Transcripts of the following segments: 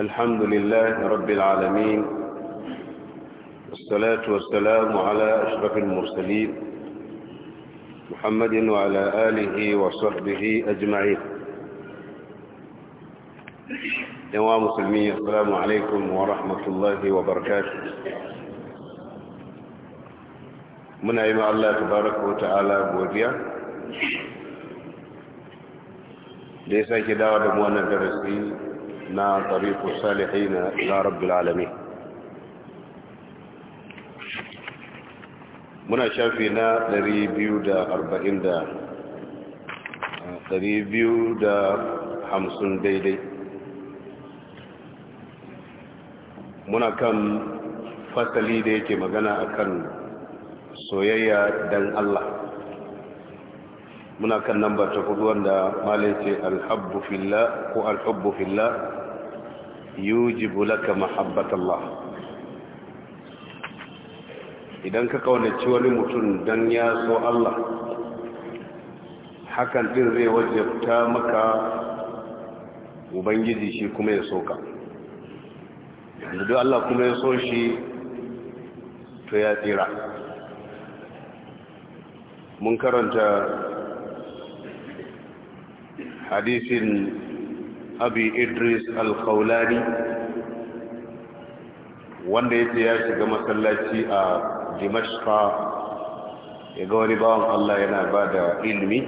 الحمد لله رب العالمين والصلاة والسلام على أشرف المرسلين محمد وعلى آله وصحبه أجمعين يا مسلمين السلام عليكم ورحمة الله وبركاته من أيما الله تبارك وتعالى بوديا ليس كده ودموانا درسي na tariqu salihin ila rabbil alamin muna shafi na 240 250 daidai muna kan fasali da yake magana akan soyayya dan Allah muna kan namba ta hudu wanda malai ce alhabbu fillah ko alhubbu fillah yujibu laka mahabbatallah idan ka kaunaci wani mutum dan ya so Allah hakan din zai wajabta maka ubangiji shi kuma ya so ka duk Allah kuma ya so shi to ya tsira mun karanta حديث أبي إدريس الخولاني wanda ya ce ya shiga masallaci a dimashka ya ga wani bawan Allah yana ba da ilimi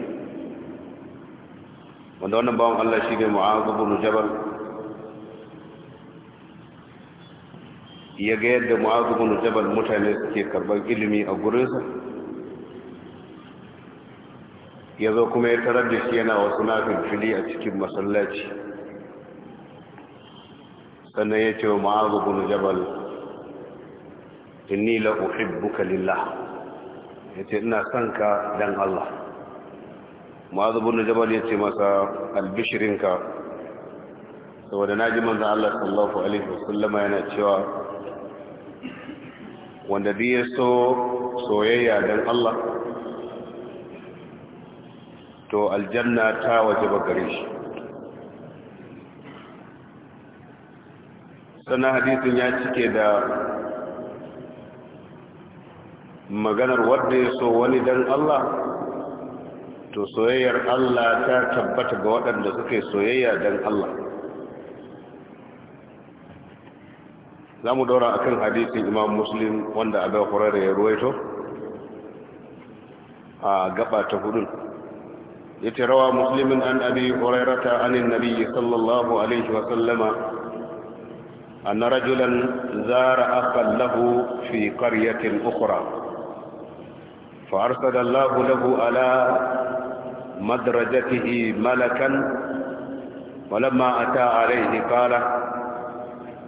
wanda wannan bawan Allah shi ne mu'azubun jabal ya ga yadda mu'azubun mutane ke karɓar ilimi a gurinsa ya zo kuma ya tarar da shi yana wasu nafin fili a cikin masallaci sannan ya ce wa ma'azu bin jabal inni la uhibbuka lillah ya ce ina son ka dan Allah ma'azu bin jabal ya ce masa albishirinka saboda na ji manzan Allah sallallahu alaihi wasallama yana cewa wanda duk so soyayya dan Allah to aljanna ta waje gare shi sannan hadisin ya cike da maganar wadda ya so wani dan Allah to soyayyar Allah ta tabbata ga waɗanda suke soyayya dan Allah za mu daura a kan hadisin imam muslim wanda abin horar ya ruwaito a gaba ta hudun يتروى مسلم عن أبي هريرة عن النبي صلى الله عليه وسلم أن رجلا زار أخا له في قرية أخرى فأرسل الله له على مدرجته ملكا ولما أتى عليه قال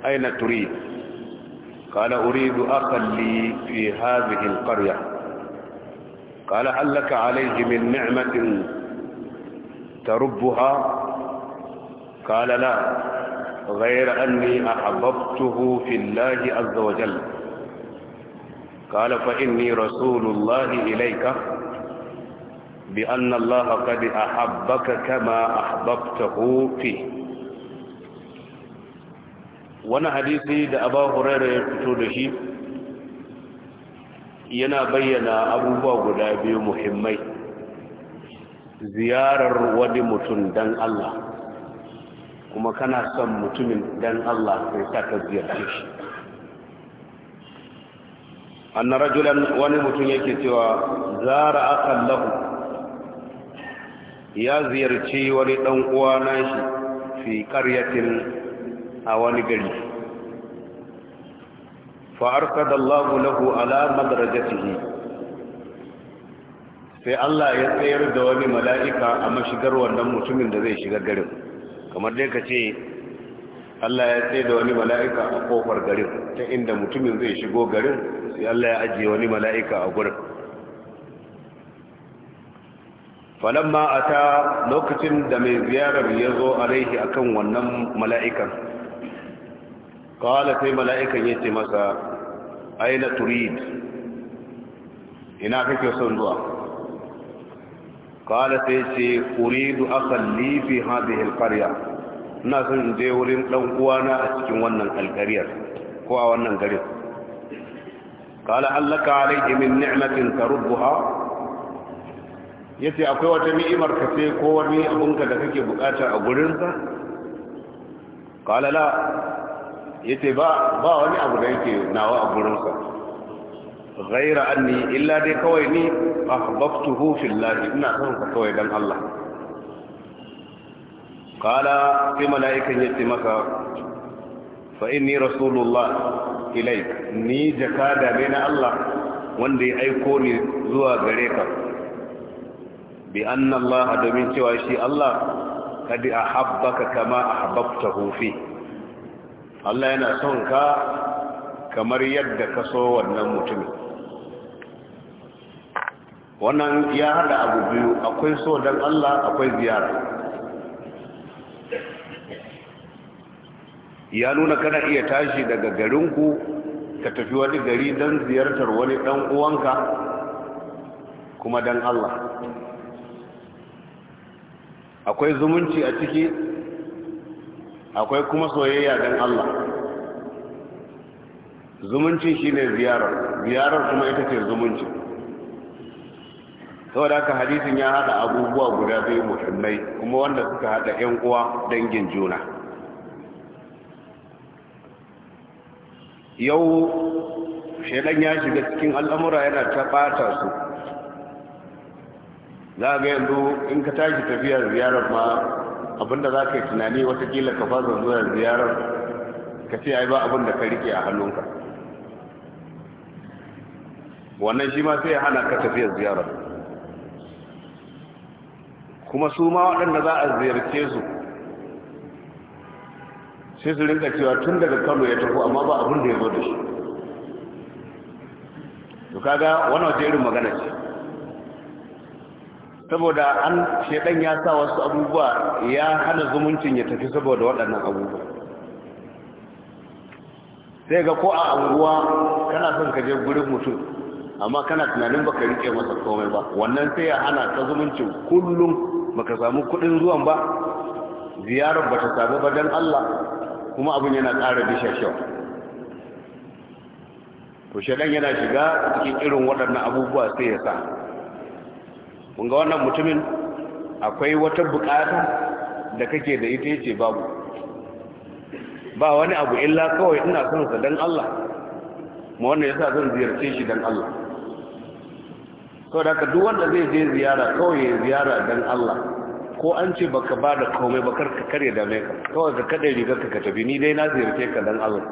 أين تريد قال أريد أخا لي في هذه القرية قال هل لك عليه من نعمة تربها قال لا غير أني أحببته في الله عز وجل قال فإني رسول الله إليك بأن الله قد أحبك كما أحببته فيه wani hadisi da aba hurairu ya fito da shi yana bayyana abubuwa guda biyu muhimmai ziyarar wani mutum dan Allah kuma kana son mutumin dan Allah sai sa ka ziyarce shi anna rajulan wani mutum yake cewa zara akan lahu ya ziyarci wani dan uwa nashi fi qaryatin a wani gari fa da Allahu lahu ala madrajatihi sai Allah ya tsayar da wani mala'ika a mashigar wannan mutumin da zai shiga garin kamar dai ka ce Allah ya tsaye da wani mala'ika a kofar garin ta inda mutumin zai shigo garin sai Allah ya ajiye wani mala'ika a gurin ma a ta lokacin da mai ziyarar ya zo a raihi a kan wannan mala'ikan kawala sai mala'ikan ya ce masa aina turid ina kake son zuwa kala sai ce uridu asalli fi hadhihi alqarya ina son in je wurin dan uwana a cikin wannan alƙaryar ko a wannan garin kala allaka alayhi min ni'matin tarubbuha yace akwai wata ni'imar ka ce ko wani abunka da kake bukata a gurin sa kala la yace ba ba wani abu da yake nawa a gurin sa ghaira anni illa dai kawai ni ahbabtuhu fillah ina son ka kawai dan Allah qala sai mala'ikan yace maka fa inni rasulullah ilaik ni jakada ne Allah wanda ya aiko ni zuwa gareka. ka bi anna Allah domin cewa shi Allah kad ahabbaka kama ahbabtahu fi Allah yana son ka kamar yadda ka so wannan mutumin wannan ya hada abu biyu akwai so don Allah akwai ziyara ya nuna kana iya tashi daga garinku ka tafi wani gari don ziyartar wani dan uwanka kuma don Allah akwai zumunci a ciki akwai kuma soyayya don Allah zumunci shine ziyarar ziyarar kuma ita ce zumunci saboda haka hadisin ya hada abubuwa guda biyu muhimmai kuma wanda suka hada yan uwa dangin juna yau shaidan ya shiga cikin al'amura yana ta bata su za ga yanzu in ka tashi tafiyar ziyarar ma abinda za ka yi tunani watakila ka fasa zuwa ziyarar ka ce ai ba abin da ka rike a hannunka wannan shi ma sai ya hana ka tafiyar ziyarar kuma su ma waɗanda za a ziyarce su sai su rinka cewa tun daga kano ya tafi amma ba abin da ya zo da shi to kaga wannan wace irin magana ce saboda an shedan ya sa wasu abubuwa ya hana zumuncin ya tafi saboda waɗannan abubuwa sai ga ko a anguwa kana son ka je gurin mutum amma kana tunanin baka rike masa komai ba wannan sai ya hana ta zumuncin kullum baka samu kudin zuwan ba ziyarar ba ta samu ba dan Allah kuma abin yana ƙara shau. to shedan yana shiga cikin irin waɗannan abubuwa sai ya sa kun ga wannan mutumin akwai wata bukata da kake da ita yace babu ba wani abu illa kawai ina son sa dan Allah mu wanda yasa zan ziyarce shi dan Allah sau da ka wanda zai je ziyara kawai ya ziyara don Allah ko an ce baka ba da komai bakar ka kare da mai kawai ka kada rigar ka tafi ni dai na ziyarce ka don Allah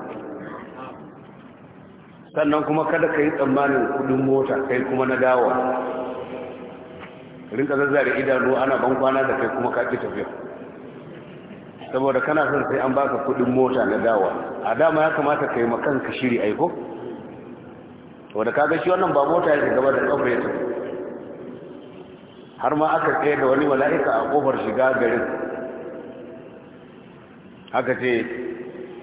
sannan kuma kada ka yi tsammanin kudin mota kai kuma na dawa rinka zazzare idanu ana ban kwana da kai kuma kaki tafiya saboda kana son sai an baka kudin mota na dawa a dama ya kamata ka yi ka shiri aiko to da kaga shi wannan ba mota ya gaba da kafa ya tafi har ma aka tsaye da wani mala'ika a kofar shiga garin aka ce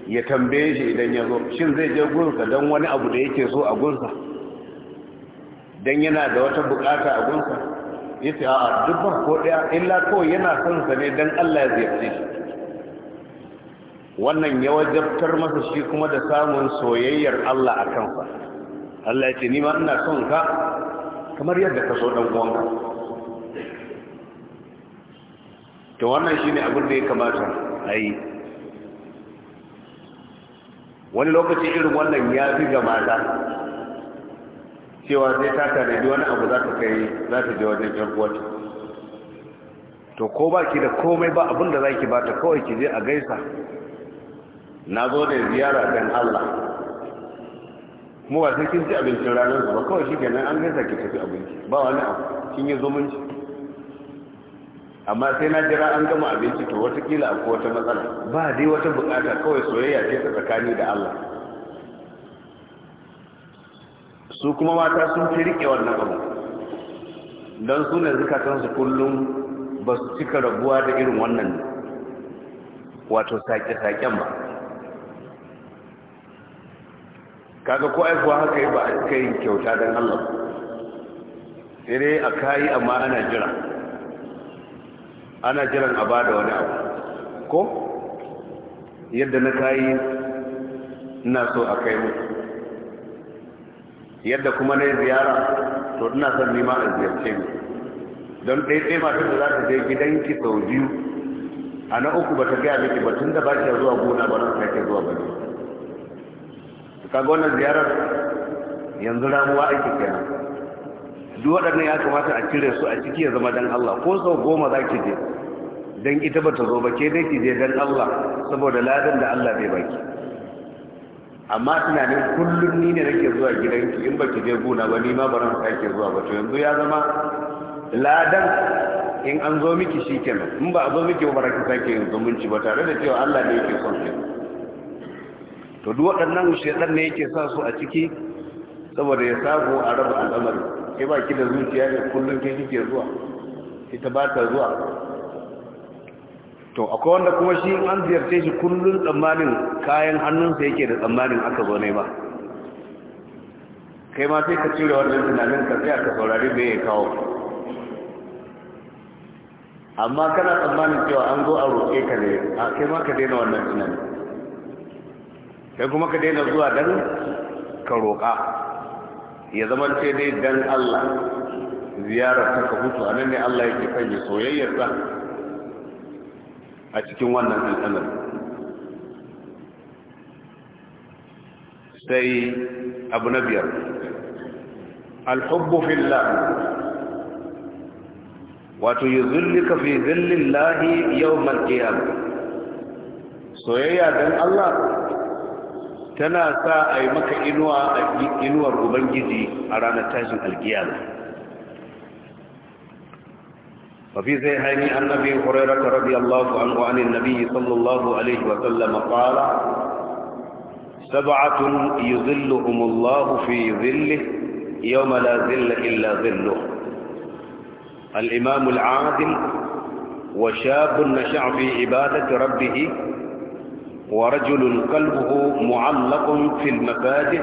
ya tambaye shi idan ya zo shin zai je gunsa don wani abu da yake so a gunsa don yana da wata bukata a gunsa ya ce a dubban ko ɗaya illa kawai yana son sa ne don allah ya ziyarce shi wannan ya wajabtar masa shi kuma da samun soyayyar allah a kansa Allah ya ce ni ma ina son ka kamar yadda ka so dan uwanka to wannan shine abin da ya kamata ayi. wani lokaci irin wannan ya fi ga mata cewa sai ta tanadi wani abu za ta kai za je wajen yan uwata to ko ba ki da komai ba abin da za ki ba ta kawai ki je a gaisa na zo da ziyara dan Allah kuma ba sai kin ci abincin ranar ba kawai shi kenan an gaisa ki tafi abinci ba wani abu kin yi zumunci amma sai na jira an gama abinci to watakila a wata matsala ba dai wata bukata kawai soyayya ce ta tsakani da Allah su kuma mata sun fi rike wannan abu don su ne zukatansu kullum ba su cika rabuwa da irin wannan wato sake-saken ba kaga ko aifuwa haka yi ba a kai kyauta don allah sai dai a kayi amma ana jira ana jiran a bada wani abu ko yadda na kayi ina so a kai mutu yadda kuma na ziyara to ina son nima a ziyarce mu don ɗaiɗai masu da za ta je gidanki sau biyu a na uku ba ta gaya miki ba tun da ba zuwa gona ba na ke zuwa ba ne kaga wannan ziyarar yanzu ramuwa ake kenan duk waɗannan ya kamata a cire su a ciki ya zama dan Allah ko sau goma za ki je don ita ba ta zo ba ke dai ki je dan Allah saboda ladan da Allah bai baki amma tunanin kullum ni ne nake zuwa gidanki in baki je gona ba ni ma ba ran sake zuwa ba to yanzu ya zama ladan in an zo miki shi kenan in ba a zo miki ba ba ki sake yin zumunci ba tare da cewa Allah ne yake son ki to duk waɗannan shaidan ne yake sa su a ciki saboda ya sago a raba al'amari sai ba ki da zuciya ne kullum ke kike zuwa ita ba ta zuwa to akwai wanda kuma shi an ziyarce shi kullum tsammanin kayan hannunsa yake da tsammanin aka zo ne ba kai ma sai ka cire wannan tunanin ka tsaya ka saurari me ya kawo amma kana tsammanin cewa an zo a roƙe ka ne a kai ma ka daina wannan tunanin sai kuma ka daina zuwa dan ka roƙa ya zama ce dai dan Allah ziyarar ta ka hutu a nan ne Allah yake sanya soyayyarsa a cikin wannan al'amari sai abu na biyar alhubbu fillah wato yi zullika fi zillin lahi yau malkiyar soyayya don Allah tana sa a yi maka inuwa a inuwar ubangiji a ranar tashin alkiyama وفي ذهن عن ابي هريره رضي الله عنه عن النبي صلى الله عليه وسلم قال سبعه يظلهم الله في ظله يوم لا ظل الا ظله الامام العادل وشاب نشع في عباده ربه ورجل قلبه معلق في المبادئ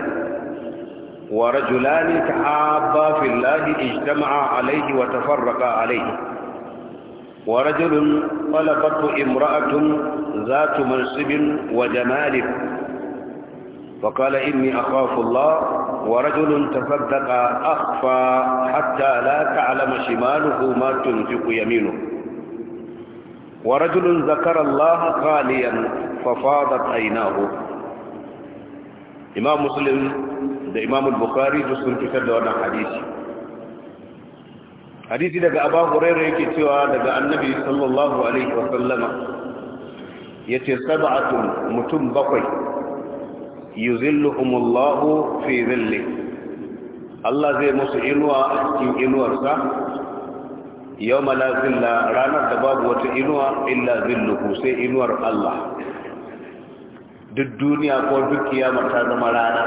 ورجلان تحابا في الله اجتمعا عليه وتفرقا عليه ورجل طلبته امرأة ذات منصب وجمال فقال إني أخاف الله ورجل تصدق أخفى حتى لا تعلم شماله ما تنفق يمينه wa rajulun zakara Allah khaliyan fa fadat aynahu Imam Muslim da Imam Bukhari duk sun fitar da wannan hadisi hadisi daga Abu Hurairah yake cewa daga Annabi sallallahu alaihi wa sallama yace sab'atun mutum bakwai yuzilluhumullahu fi dhilli Allah zai musu inuwa a cikin inuwarsa yau ma zilla ranar da babu wata inuwa illa zilluhu sai inuwar Allah duk duniya ko duk kiyama ta zama rana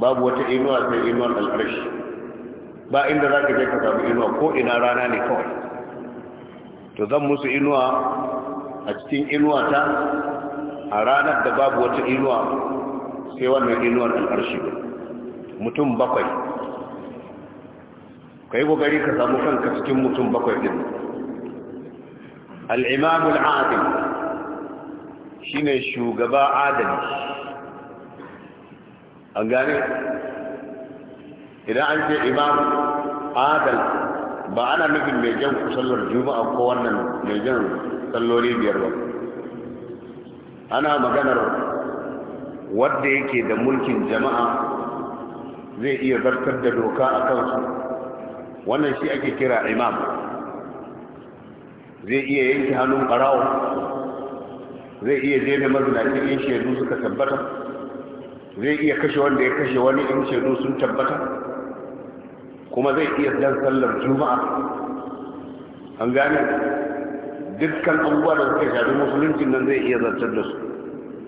babu wata inuwa sai inuwar al'arshi ba inda za ka je ka samu inuwa ko ina rana ne kawai to zan musu inuwa a cikin inuwa ta a ranar da babu wata inuwa sai wannan inuwar al'arshi mutum bakwai ka yi gogari ka samu kanka cikin mutum bakwai ɗin al'imamul adil shi ne shugaba adali an gane idan an ce imam adal ba ana nufin mai jan kusallar juma'a ko wannan mai jan salloli biyar ba ana maganar wadda yake da mulkin jama'a zai iya zartar da doka a kansu wannan shi ake kira imam zai iya yanke hannun barawo zai iya jefe mazinaci in shaidu suka tabbata zai iya kashe wanda ya kashe wani in shaidu sun tabbata kuma zai iya dan sallar juma'a an gane dukkan abubuwa da suka shafi musulunci nan zai iya zartar da su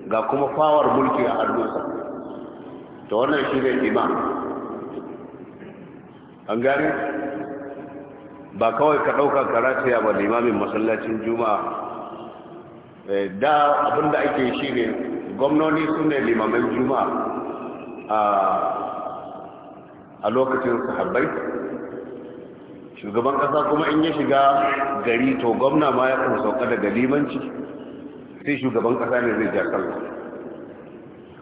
ga kuma fawar mulki a hannunsa ta wannan shi zai imam an gane ba kawai ka ɗauka karatiya ba limamin masallacin juma'a eh, da abinda ake shi ne gwamnoni su ne limamin juma'a a lokacin sahabbai shugaban ƙasa kuma in ya shiga gari to gwamna ma ya kan sauka daga limanci sai shugaban ƙasa ne zai jakar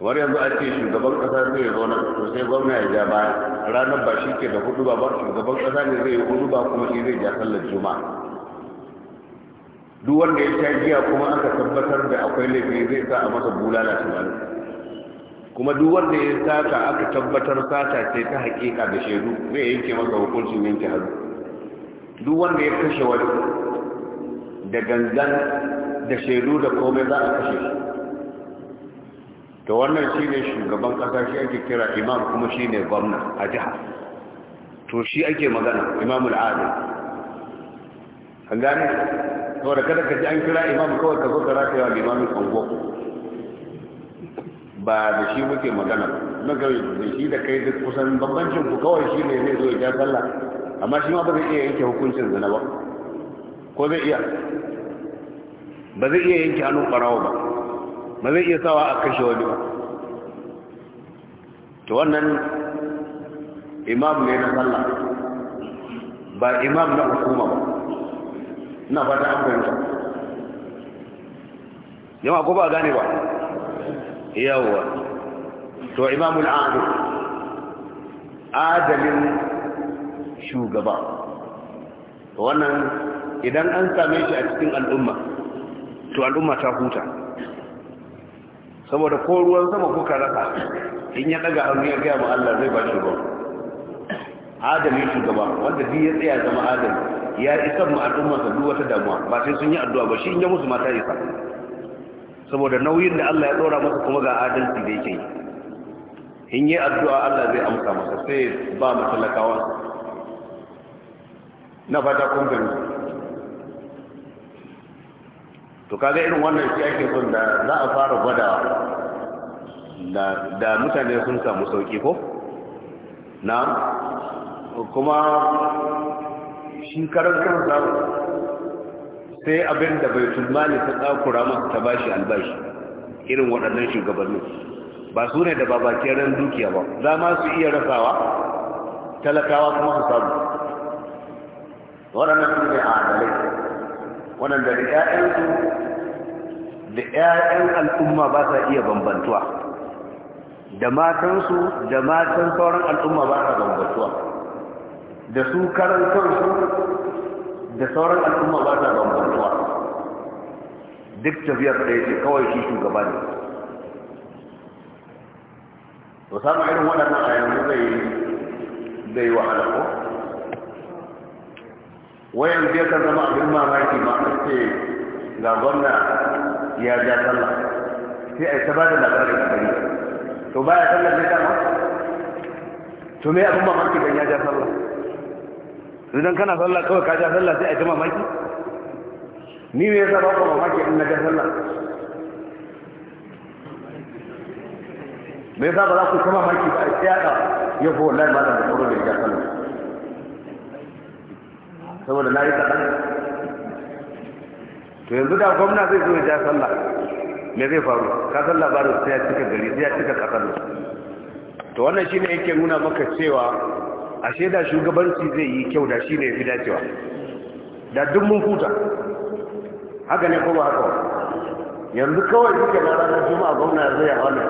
kamar yanzu a ce shugaban ƙasa sai ya zo na sosai gwamna ya ja baya ranar ba shi ke da hudu ba shugaban kasa ne zai yi hudu ba kuma shi zai ja sallar juma'a duk wanda ya sha giya kuma aka tabbatar da akwai laifi zai sa a masa bulala tamanin kuma duk wanda ya sata aka tabbatar sata ce ta hakika da shaidu zai yanke masa hukuncin yanke hannu duk wanda ya kashe wani da gangan da shaidu da komai za a kashe shi to wannan shi ne shugaban kasa shi ake kira imam kuma shi ne gwamna a jiha to shi ake magana imam al'adun an gane kawai da kada ka ji an kira imam kawai ka zo ka rataya wa limamin ango ba da shi muke magana na gari da shi da kai duk kusan bambancin ku kawai shi ne zai zo ya ja sallah amma shi ma ba zai iya yanke hukuncin zina ba ko zai iya ba zai iya yanke hannun ɓarawa ba ba zai iya sawa a kashe wani ba to wannan imam ne na sallah ba imam na hukuma ba ina fata an fahimta yawa ko ba gane ba yawa to imamul adil adalin shugaba wannan idan an same shi a cikin al'umma to al'umma ta huta saboda ko ruwan sama kuka rasa in ya daga hannu ya gaya ma Allah zai ba shi adam yi shugaba wanda biyu ya tsaya zama adam ya isar ma al'umma sa duk wata damuwa ba sai sun yi addu'a ba shi in ya musu mata isa saboda nauyin da Allah ya dora masa kuma ga adalci da yake yi in yi addu'a Allah zai amsa masa sai ba matalakawa na fata kun gani to kaga irin wannan shi ake son da za a fara gwadawa da mutane sun samu sauki ko na kuma shi karar kansa sai abin da bai tulmali ta tsakura masu ta bashi albashi irin waɗannan shugabannin ba su ne da babakeren dukiya ba za ma su iya rasawa talakawa kuma su samu waɗannan su ne a adalai waɗanda da ‘ya'yansu da ‘ya'yan al'umma ba sa iya bambantuwa da matansu da matan sauran al'umma ba sa bambantuwa da su karan da sauran al'umma ba sa bambantuwa duk tafiyar ya ce kawai shi shugaba ne to samun irin waɗannan a yanzu zai wahala ko wayan zai ka zama abin mamaki ba a ce ga gwamna ya ja sallah sai a yi ta ba da labarin a gari to ba ya sallah zai kama, to me abin mamaki ban ya ja sallah idan kana sallah kawai ka ja sallah sai a yi ta mamaki ni me yasa ba mamaki in na ja sallah me yasa ba za ku kama maki ba a tsaya ya fi wallahi malam da tsoro da ya ja sallah saboda na yi kaɗan to yanzu da gwamna zai zo ya ja sallah me zai faru ka san labarin sai ya cika gari sai ya cika ƙasar to wannan shine yake nuna maka cewa ashe da shugabanci zai yi kyau da shine fi dacewa da duk mun huta haka ne ko ba haka yanzu kawai suke na ranar juma'a gwamna zai ya hana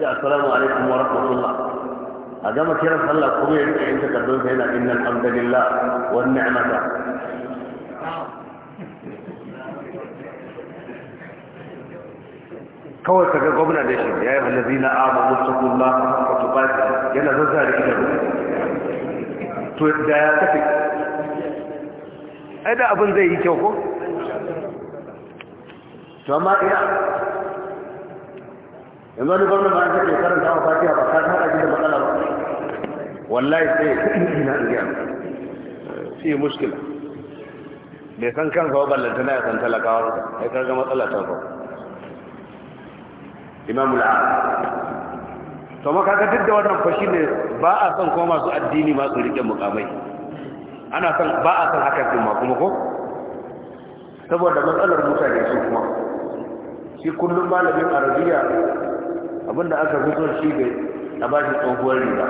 sai assalamu alaikum wa rahmatullah a gama kiran sallah kuma ya rike yin takardun sai na innal hamdalillah wa ni'mata kawai kaga gwamna da shi ya yi halazi na amma mustakullah a tubati yana zazza da ba. to da ya tafi ai da abin zai yi kyau ko to amma ina yanzu wani gwamna ba an take karanta wa fatiha ba ka tara da matsala ba wallahi sai ina in gaya shi mushkila bai san kansa wa ballanta na ya san talakawa ya karga matsala ta ba imamu a'ala to maka ga duk da wannan fashi ne ba a san kuma masu addini masu rike mukamai ana son ba a son haka din kuma ko saboda matsalar mutane su kuma shi kullum malamin arabiya abinda aka fito shi bai a bashi tsohuwar riga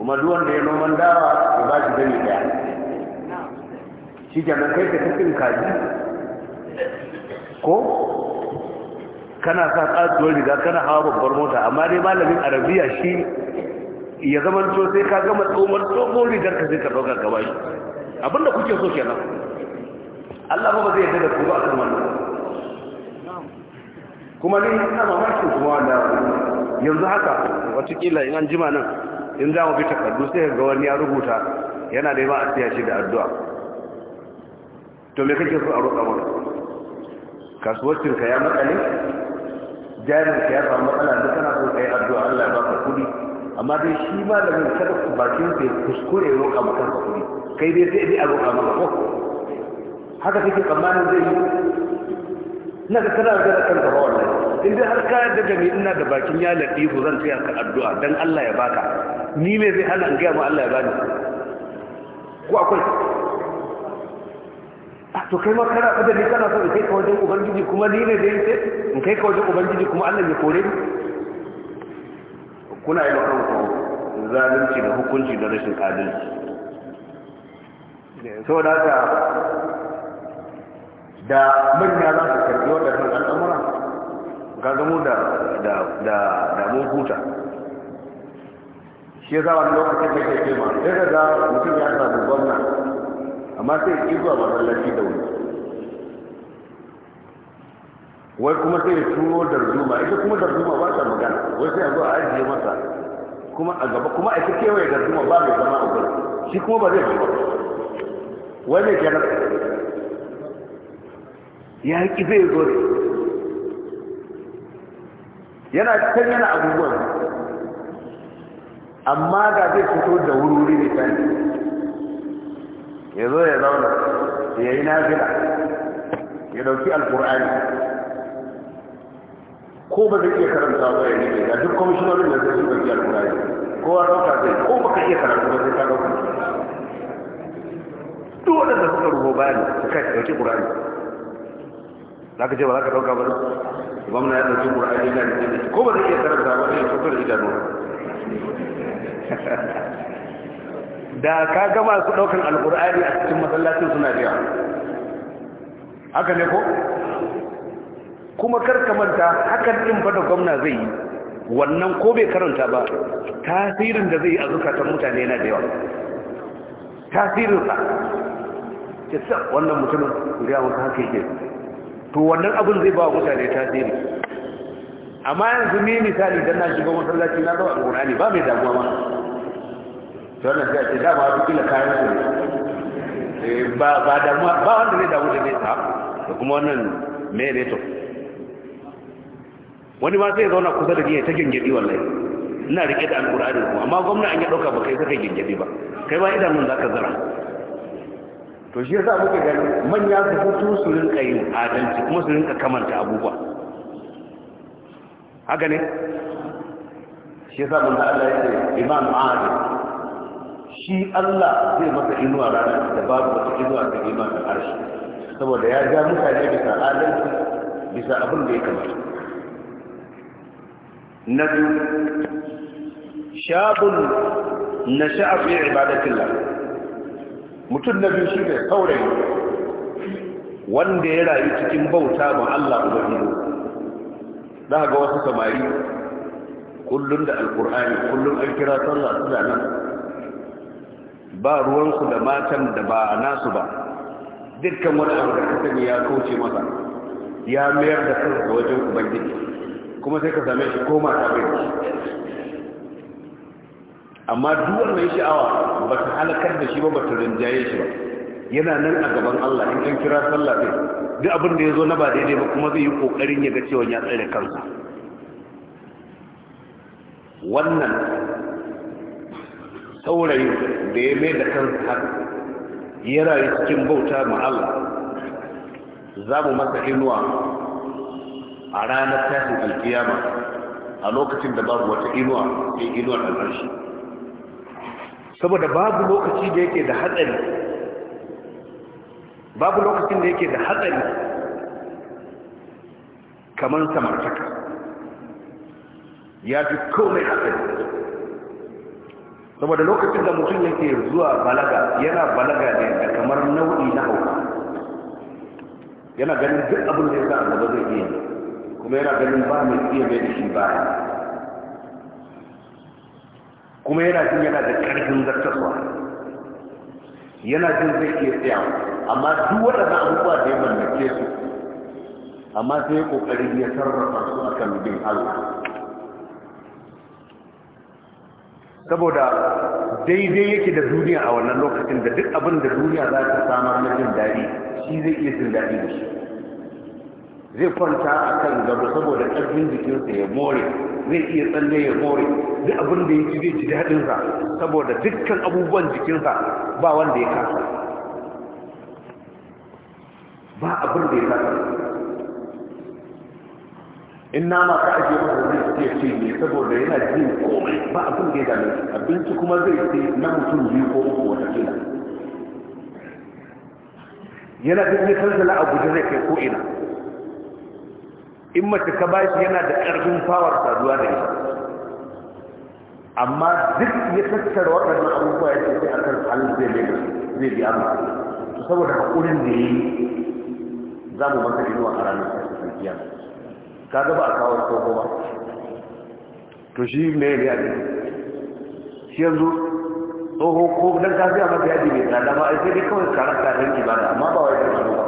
kuma duk da ya noman dawa ya ba shi gani daya shi kenan kai ka cikin kaji ko kana sa katuwar riga kana hawa babbar mota amma dai malamin arabiya shi ya zama to sai ka gama tsomar tsohon rigar ka sai ka ɗaukar gaba shi abinda kuke so kenan Allah ba zai yadda da kuma a akan kuma ne ina mamakin kuma wanda yanzu haka watakila in an jima nan in za mu bi takardu sai ga wani ya rubuta yana da ba a siya shi da addu'a to me kake so a roƙa mana kasuwancin ka ya matsale jarin ka ya samu matsala da kana so yi addu'a Allah ya ka kuɗi amma dai shi malamin kada ku bakin ka kuskure roƙa maka kuɗi kai dai sai dai a roƙa maka ko haka kake tsammanin zai yi ina ka kana da kanka ba wannan. in dai har ka da ni ina da bakin ya ku zan tsaya ka addu'a dan Allah ya baka ni me zai hana gaya ma Allah ya bani ko akwai a to kai ma kana kada ni kana so in kai ka wajen ubangiji kuma ni ne zai ce in kai ka wajen ubangiji kuma Allah ya kore ni kuna yi makon ku zalunci da hukunci da rashin adalci So da ka da manya za su karbi waɗannan al'amura ga gamu da da da mun huta shi ya wani lokacin da ke kema sai da za mutum ya samu gwamna amma sai ki zuwa masallaci da wuri wai kuma sai ya turo darduma ita kuma darduma ba ta magana wai sai a zo a ajiye masa kuma a gaba kuma a cikin kewaye darduma ba mai zama a gurin shi kuma ba zai zama wai mai kenan ya ki zai zo yana can yana abubuwan amma ga zai fito da wuri ne kan ya zo ya zauna ya yi nafila ya dauki alkur'ani ko ba zai iya karanta ba ya nufi ga duk kwamishinorin da zai dauki alkur'ani ko a dauka zai ko ba ka iya karanta ba zai ka kuma duk waɗanda suka rubo bayan su kai dauki kur'ani za ka ce ba za ka dauka ba gwamna ya ɗauki kur'ani ya ne. ko ba zai iya karanta ba zai fito da idanu da ka gama su daukan alkur'ani a cikin masallacin suna da yawa haka ne ko kuma karka manta hakan din fa da gwamna zai yi wannan ko bai karanta ba tasirin da zai yi a zukatan mutane yana da yawa tasirinsa ce wannan mutumin ya mutu haka yake to wannan abin zai ba mutane tasiri amma yanzu ni misali dan na shiga masallaci na zama alƙur'ani ba mai damuwa ba, to wannan sai ce dama wata kila kayan su ne eh, ba ba damuwa ba wanda zai damu da ta da kuma wannan me ne to wani ma sai zauna kusa da ni ta gingiri wallahi ina rike da alƙur'ani kuma amma gwamna an ya ɗauka ba kai kai gingiri ba kai ba idan za ka zara to shi yasa muke gani manya su fito su rinka yin adalci kuma su rinka kamanta abubuwa haka ne shi yasa mun Allah ya ce iman adil shi Allah zai masa inuwa ranar da babu wata inuwa ta iman arshi saboda ya ja mutane bisa adalci bisa abin da ya kamata na biyu shabun na sha'afi ibadatillah mutum na biyu shi ne saurayi wanda ya rayu cikin bauta ma Allah ubangiji za ga wasu samari kullum da alkur'ani kullum an kira sallah suna nan ba ruwansu da matan da ba nasu ba dukkan wani abu da kasani ya kauce masa ya mayar da kansa wajen ubangiji kuma sai ka same shi ko mata bai amma duk mai sha'awa ba ta halakar da shi ba ba ta rinjaye shi ba yana nan a gaban Allah in kan kira sallah din duk abin da ya zo na ba daidai ba kuma zai yi kokarin ya ga cewa ya tsare kansa wannan saurayi da ya mai da kansa har ya rayu cikin bauta ma Allah za mu masa inuwa a ranar tashin alkiyama a lokacin da babu wata inuwa sai inuwar al'arshi saboda babu lokaci da yake da hatsari babu lokacin da yake da hatsari kamar samartaka ya fi komai hatsari saboda lokacin da mutum yake zuwa balaga yana balaga ne da kamar nau'i na hauka yana ganin duk abin da ya a gaba zai iya kuma yana ganin ba mai iya mai da shi baya kuma yana jin yana da ƙarfin zartaswa yana jin zai iya tsayawa amma duk waɗannan abubuwa da ya mallake su amma sai ya kokarin ya sarrafa su a kan bin Allah saboda daidai yake da duniya a wannan lokacin da duk abin da duniya za ta samar na jin daɗi shi zai iya jin daɗi da shi zai kwanta a kan gaba saboda ƙarfin jikinsa ya more zai iya tsalle ya more duk abin da yake zai ji daɗinsa saboda dukkan abubuwan jikinsa ba wanda ya kasa ba abin da ya kasa in ma ka ajiye masa zai suke ce ne saboda yana jin komai ba abin da ya dame abinci kuma zai ce na mutum biyu ko uku wata kila yana jin ne kanzala a guje zai kai ko'ina. in mace ka bashi yana da ƙarfin fawar saduwa da ita amma duk ya tattara waɗannan abubuwa ya ce sai kan halin zai bai zai bi ma saboda haƙurin da ya yi za mu maka inuwa a ranar tsakiya ka gaba a kawo tsoho ba to shi ne ne a jiki shi yanzu tsoho ko dan ka fiya maka yaji mai tsada ba sai dai kawai karar ka dan ibada amma ba wai kan ba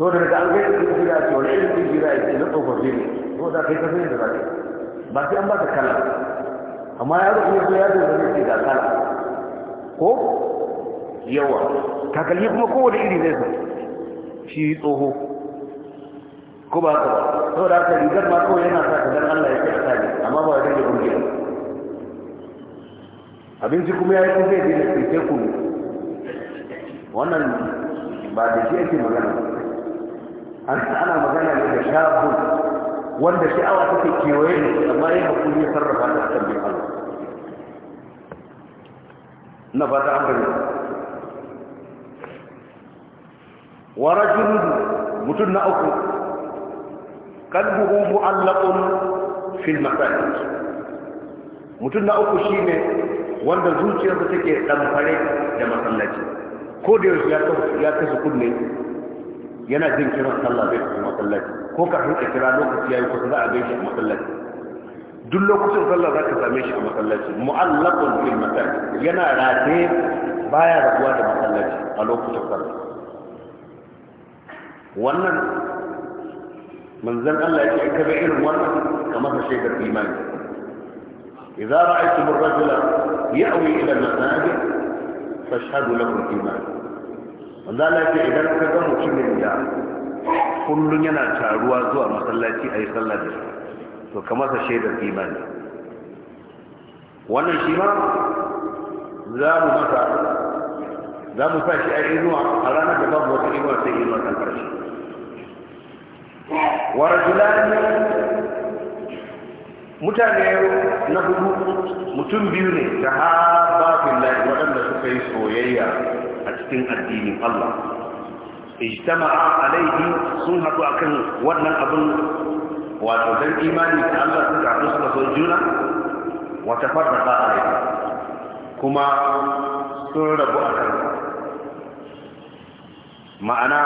to da daga an ga irin gida to ne irin gida yake na tsofaffi ne to da kai ka sani da zaka ba sai an baka kala amma ya rubuta ya zo da zai ga kala ko yawa takalmi kuma kowane iri zai zai shi tsoho ko ba ka sau da aka rigar ma kawai yana sa kadan allah ya ce a ne amma ba wajen da burgiya abinci kuma ya yi kuma ya dina teku kunu wannan ba da shi ake magana ana magana ne da shafin wanda sha'awa take kewaye ne amma yin hakuri ya sarrafa ta a kan bin allah na fata an gani wa rajulun mutum قلبه uku في mu'allaqun fil masajid شيمة na uku shine wanda zuciyarsa take damfare da masallaci ko da ya yana jin kiran sallah bai kuma masallaci ko kafin a kira lokaci yayi ko za a a masallaci duk lokacin sallah za ka same shi a masallaci mu'allaqun fil masajid yana rataye baya rabuwa da masallaci a lokacin sallah wannan manzan Allah yake ka ga irin wannan kamar ka shaidar imani idza ra'aytum ar-rajula ya'wi ila al-masajid fashhadu lahu al-iman manzan Allah yake idan ka ga mutumin da kullun yana taruwa zuwa masallaci ayi sallah da to kamar ka shaidar imani wannan shi ma za mu masa za mu sa shi a inuwa a ranar da babu wata inuwa sai inuwa ta karshe wa rajulani mutane na hudu mutum biyu ne ta ha haɓa fillahi waɗanda suka yi soyayya a cikin addinin Allah ijtama'a alaihi sun haɗu akan wannan abin wato dan imani da Allah suka haɗu suka son juna wata farfaɗa alaihi kuma sun rabu a kan. ma'ana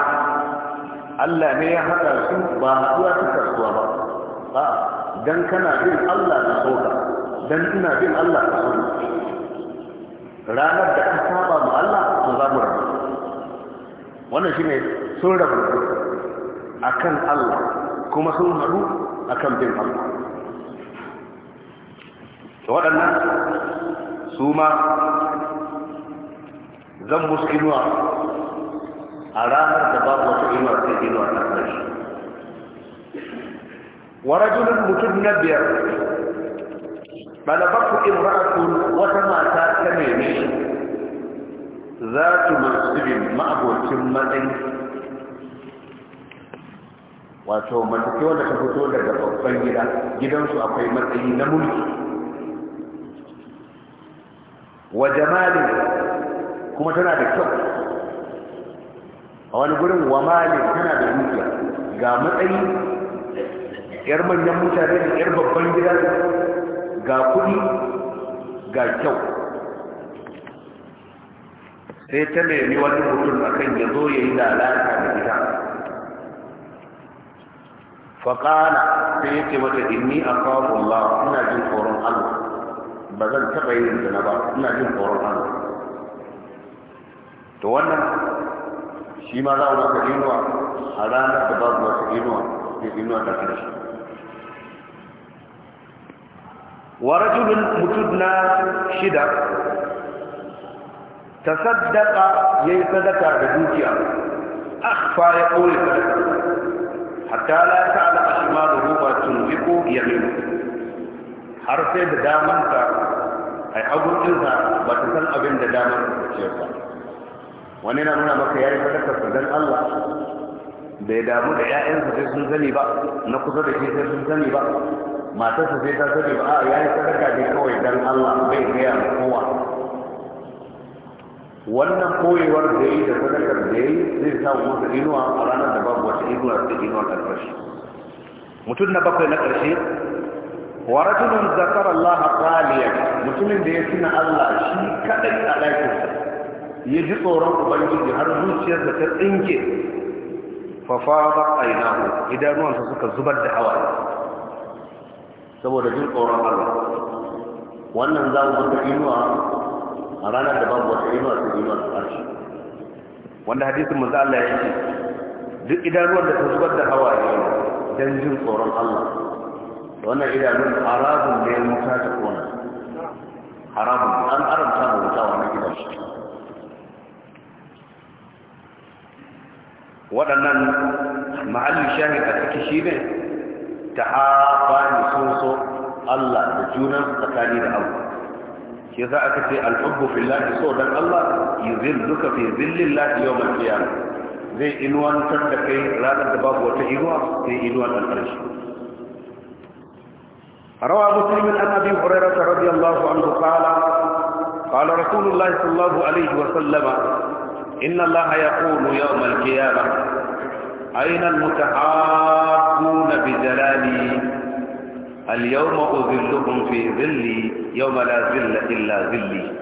Allah ne ya haɗa su ba haɗuwa ta kasuwa ba ba dan kana bin Allah da soka dan ina bin Allah da soka ranar da ka saba ma Allah to za mu rabu wannan shine sun rabu kan Allah kuma sun haɗu a kan bin Allah to waɗannan su ma zan muskinuwa a ranar da babu wata inuwa sai inuwa ta kai shi wa rajulun mutum na biyar balabaku imra'atun wata mata ta neme shi za tu masjidin ma'abocin matsayi wato matake wanda ta fito daga babban gida gidansu akwai matsayi na mulki wa jamalin kuma tana da kyau a wani gurin wa tana da dukiya ga matsayi yar manyan mutane da yar babban gida ga kudi ga kyau sai ta nemi wani mutum akan ya zo ya yi lalata da gida faƙala sai ya ce mata inni a kawon ina jin tsoron allah ba zan taɓa yin zina ba ina jin tsoron allah to wannan shi ma za a maka inuwa a ranar da babu wata inuwa sai inuwa ta kare shi wa rajulun mutum na shida ta saddaka ya yi sadaka da dukiya fa ya kore ta, hatta la roba ashmalu ruba ya yaminu har sai da a yi agurkin ba ta san abin da damar ta ce ba wani na nuna maka ya yi sadakarsa don Allah bai damu da ‘ya'yansa sai sun zani ba na kusa da shi sai sun zani ba matarsa sai ta zani ba a ya yi sadaka ne kawai don Allah bai gaya ma kowa wannan koyewar da yi da sadakar da yi zai sa masa inuwa a ranar da babu wata inuwa da inuwa ta ƙarshe mutum na bakwai na ƙarshe wa rajulun zakara Allah qaliyan mutumin da ya tuna Allah shi kadai a ɗakinsa ya ji tsoron ubangiji har da ta tsinke fafafa aina idanuwansa suka zubar da hawa saboda jin tsoron Allah wannan za mu ga inuwa a ranar da babu wata inuwa su inuwa ta tashi wanda hadisin manzo Allah ya ce duk idanuwan da ta zubar da hawa ne don jin tsoron Allah wannan idanun harabun ne wuta ta kona harabun an aranta mu wuta wannan gidan shi waɗannan mahallin shahid a ciki shi ne ta haɓa ne sun so Allah da junan tsakani da Allah shi za aka ce al'ubbu fillahi so dan Allah yi zilluka fi zillillahi yau mai kiyama zai tar da kai ranar da babu wata inuwa sai inuwan al'arshi روى مسلم عن ابي هريره رضي الله عنه قال قال رسول الله صلى الله عليه وسلم إن الله يقول يوم القيامة أين المتحابون بجلالي اليوم أذلهم في ظلي يوم لا ظل إلا ظلي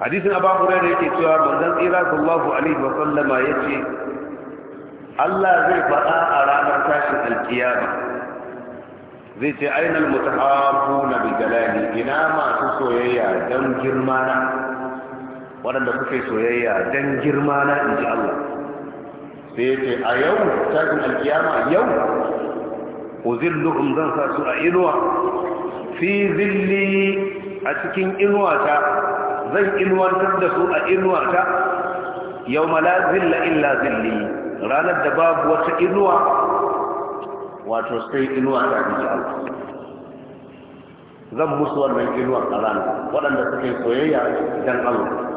حديثنا أبا هريرة يتوى من ذلك إراد الله عليه وسلم يتي الله ذي فقاء رانا تاشي القيامة ذي تأين المتحابون بجلالي إنا ما تسوي يا جنجر مانا waɗanda suka soyayya don girma na inji Allah sai ya ce a yau tashin alkiyama yau ku zillu'un zan sa su a inuwa fi zilli a cikin inuwa ta. zan inuwantar da su a inuwa ta? yau ma la zilla illa zilli ranar da babu wata inuwa wato sai inuwa ta inji Allah zan musu wannan inuwa a ranar waɗanda suka soyayya don Allah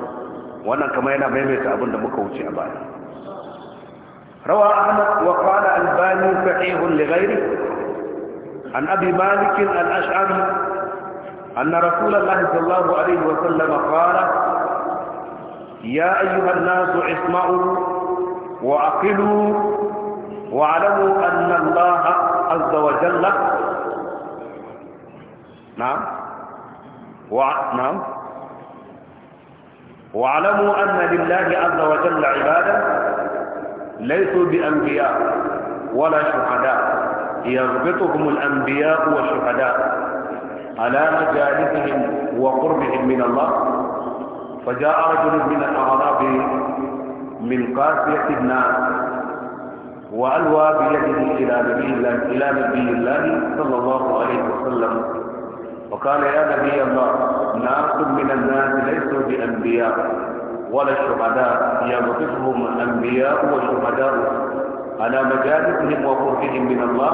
wannan kama yana maimaita abin da muka wuce a baya rawa ahmad wa qala albani sahih li ghairi an abi malik al ash'ari anna rasulullah sallallahu alaihi wa sallam qala ya ayyuha an-nas isma'u wa aqilu wa 'alamu anna allah azza wa wa واعلموا أن لله عز وجل عبادا ليسوا بأنبياء ولا شهداء يربطهم الأنبياء والشهداء على مجالسهم وقربهم من الله فجاء رجل من الأعراب من قاسية الناس وألوى بيده إلى نبي الله إلى نبي الله صلى الله عليه وسلم وقال يا نبي الله ناس من الناس ليسوا بأنبياء ولا شهداء يغفرهم الأنبياء وشهداء على مجالسهم وقربهم من الله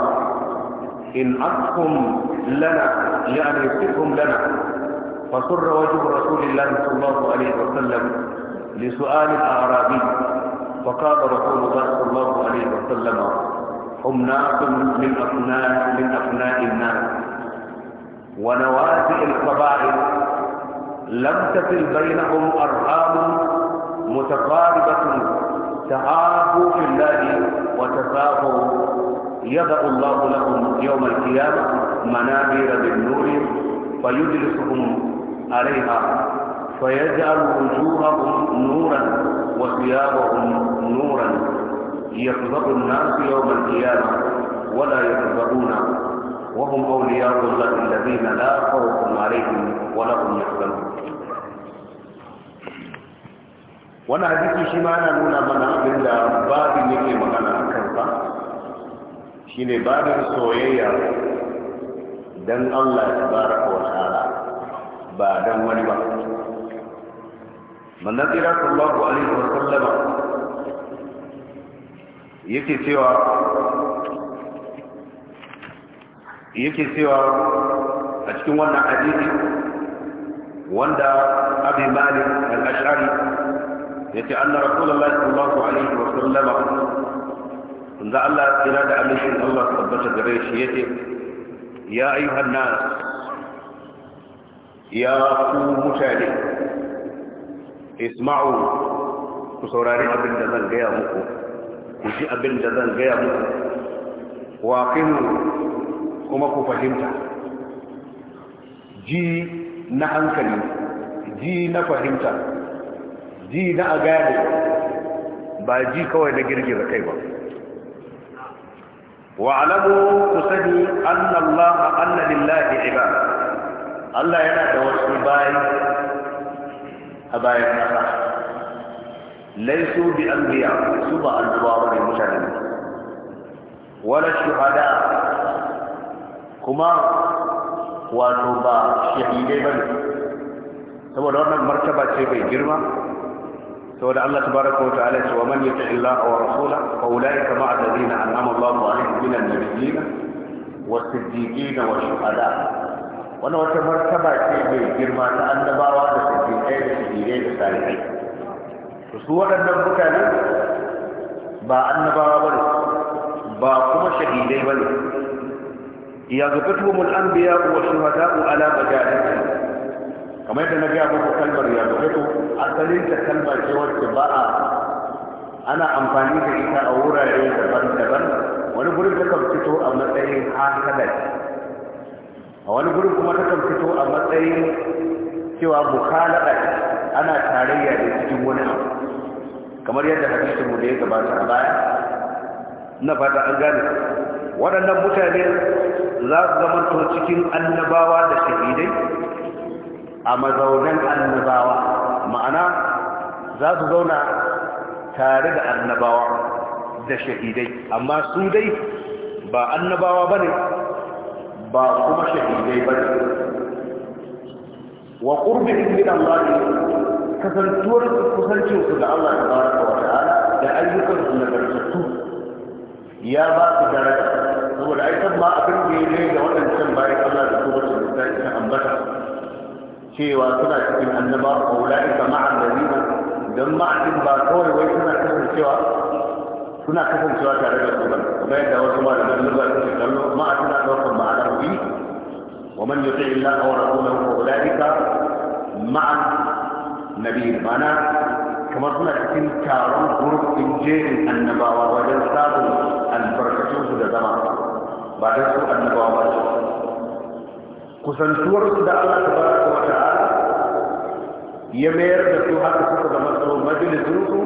إن أصفهم لنا يعني صفهم لنا فسر وجه رسول الله صلى الله عليه وسلم لسؤال الأعرابي فقال رسول الله صلى الله عليه وسلم هم ناس من افناء من افناء الناس ونوازع القبائل لم تصل بينهم أرحام متقاربة تعافوا في الله وتفاقوا يضع الله لهم يوم القيامة منابر بالنور فيدلسهم عليها فيجعل وجوههم نورا وثيابهم نورا يغضب الناس يوم القيامة ولا يغضبون وهم أولياء الله الذين لا خوف عليهم ولا هم يحزنون wani hadisi shi ma yana nuna mana abin da babin yake magana a kansa shi ne babin soyayya don allah ta baraka wa ta'ala ba don wani ba manzan tsira sallallahu alaihi wa sallama yake cewa yake cewa a cikin wannan hadisi wanda abin malin al-ashari yace anna rasulullahi sallallahu alaihi wa sallam inda Allah kira da alishin Allah tabbata gare shi yace ya ayi nas ya ku mutane isma'u ku saurari abin da zan gaya muku ku ji abin da zan gaya muku waqimu kuma ku fahimta ji na hankali ji na fahimta ji na a gane ba ji kawai na girgiza kai ba wa'alamu ku sani annallaha anna lillahi Allah yana da wasu bayi a bayan nasa laisu bi anbiya su ba annabawa ne mutane wala shuhada kuma wato ba shahidai bane saboda wannan martaba ce bai girma saboda Allah tabaraka wa ta'ala ce wa man yuti illaha wa rasula fa ulaika ma'a alladhina an'ama Allahu alaihim minan nabiyyin was-siddiqin wash-shuhada wannan wata martaba ce mai girma ta annabawa da siddiqai da siddiqai da salihai to su waɗannan mutane ba annabawa ba ne. ba kuma shahidai ne. ya zakatuhumul anbiya wa shuhada ala majalatihi kamar yadda na gaya muku kalmar ya zubaito asalin ta kalmar ce wacce ba a ana amfani da ita a wurare daban-daban wani gurin ta kan fito a matsayin hankalai a wani gurin kuma ta kan fito a matsayin cewa bukalaɗa ana tarayya da cikin wani abu kamar yadda hadisin mu da ya gabata a baya na fata an gane waɗannan mutane za su zama cikin annabawa da shahidai a mazaunan annabawa ma'ana za su zauna tare da annabawa da shahidai amma su dai ba annabawa ba ne ba kuma shahidai ba ne wa ƙurbin min Allah ne kasantuwar kusancinsu ga Allah da baraka wa ta'ala da ayyukansu na nagartattu ya ba su daraja saboda aikan ma abin da ya ne da waɗancan bayan Allah da kuma su da ta ambata cewa suna cikin annaba wa ula'ika ma'an ladina dan ma'adin ba kawai wai suna kasancewa suna kasancewa tare da su ba kuma yadda wasu malaman lugha suke kallo ma'a suna ɗaukar ma'anar bi wa man yuti illa aw rasulahu fa ula'ika ma'an nabi mana kamar suna cikin taron gurbin jerin annabawa wajen sabon albarkatunsu da zama ba don su annabawa ba kusantuwar su da Allah tabaraka wa ta'ala ya mayar da su haka suka zama su majalisun su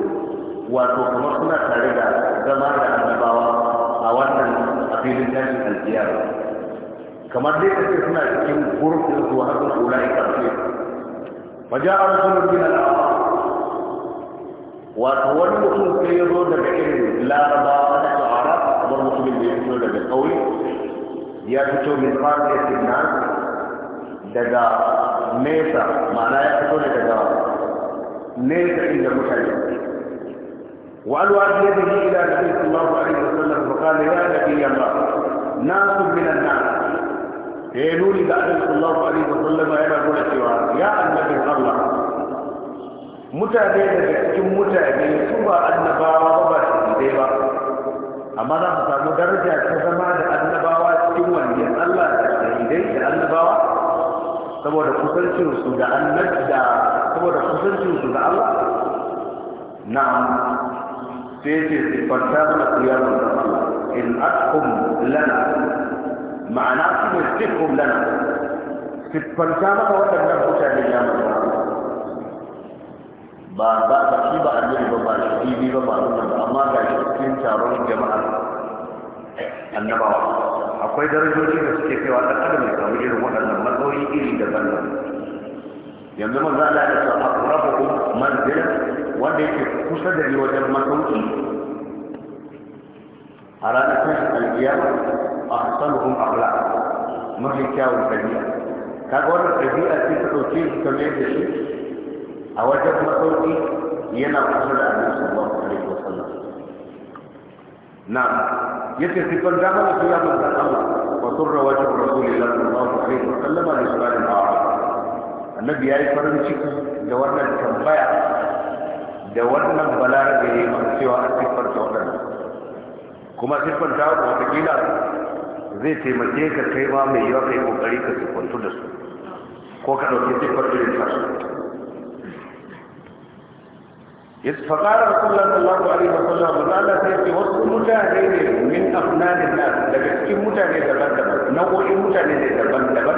wato kamar suna tare da zama da annabawa a wannan a filin tashin alkiyar kamar dai kace suna cikin gurbin su haka kula ya karfe faja'a rasulun bin al-awwal wato wani mutum sai ya zo daga irin larabawa da shahara kamar mutumin da ya fito daga kauye ya fito min fata ya signa daga nesa ma'ana ya fito ne daga nesa inda mutane wa'alwa ta yi zai ila da ke kuma ku ainihin sallar bukali ya eh, ga ke yamma na su minan na ta ya nuni da ainihin sallar bukali da sallar ma yana da cewa ya annabin allah mutane daga cikin mutane su ba annabawa ba ba su dai ba amma za su samu daraja ta zama da annabawa cikin wanda allah da shahidai da annabawa saboda kusancin su da annabi da saboda kusancin su da Allah na'am sai ce sifarta na kuyarwa da Allah in atkum lana ma'ana kuma sifarta lana sifarta maka waɗannan mutane ya mutu ba ba ba shi ba annabi ba ba shi ba ba amma ga shi cikin taron jama'a annabawa akwai darajoji da suke kaiwa ɗan adam ya samu irin waɗannan matsayi iri daban-daban yanzu man za a da su a rabu manzila wanda yake kusa da ni wajen masauki a ranar tashin alkiyama a hasanuhun abla mafi kyawun ɗabi'a ga wannan ɗabi'a ce ta ɗauke shi ta mai da shi a wajen masauki yana kusa da annabi sallallahu alaihi wasallam na'am yake sifar ban da mana yaba da Allah wa surra wajhu rasulillahi sallallahu alaihi wa sallama da su'alin a'raf annabi yayi farin ciki da wannan tambaya da wannan balarabe ne mai cewa a cikin ta wannan kuma cikin ta wata kila zai taimake ka kai ma mai yawa kai kokari ka tsikwantu da su ko ka dauke sifar da su فقال رسول الله صلى الله عليه وسلم قال سيدي wasu mutane ne min afnanin nas daga cikin mutane daban-daban nau'o'in mutane ne daban-daban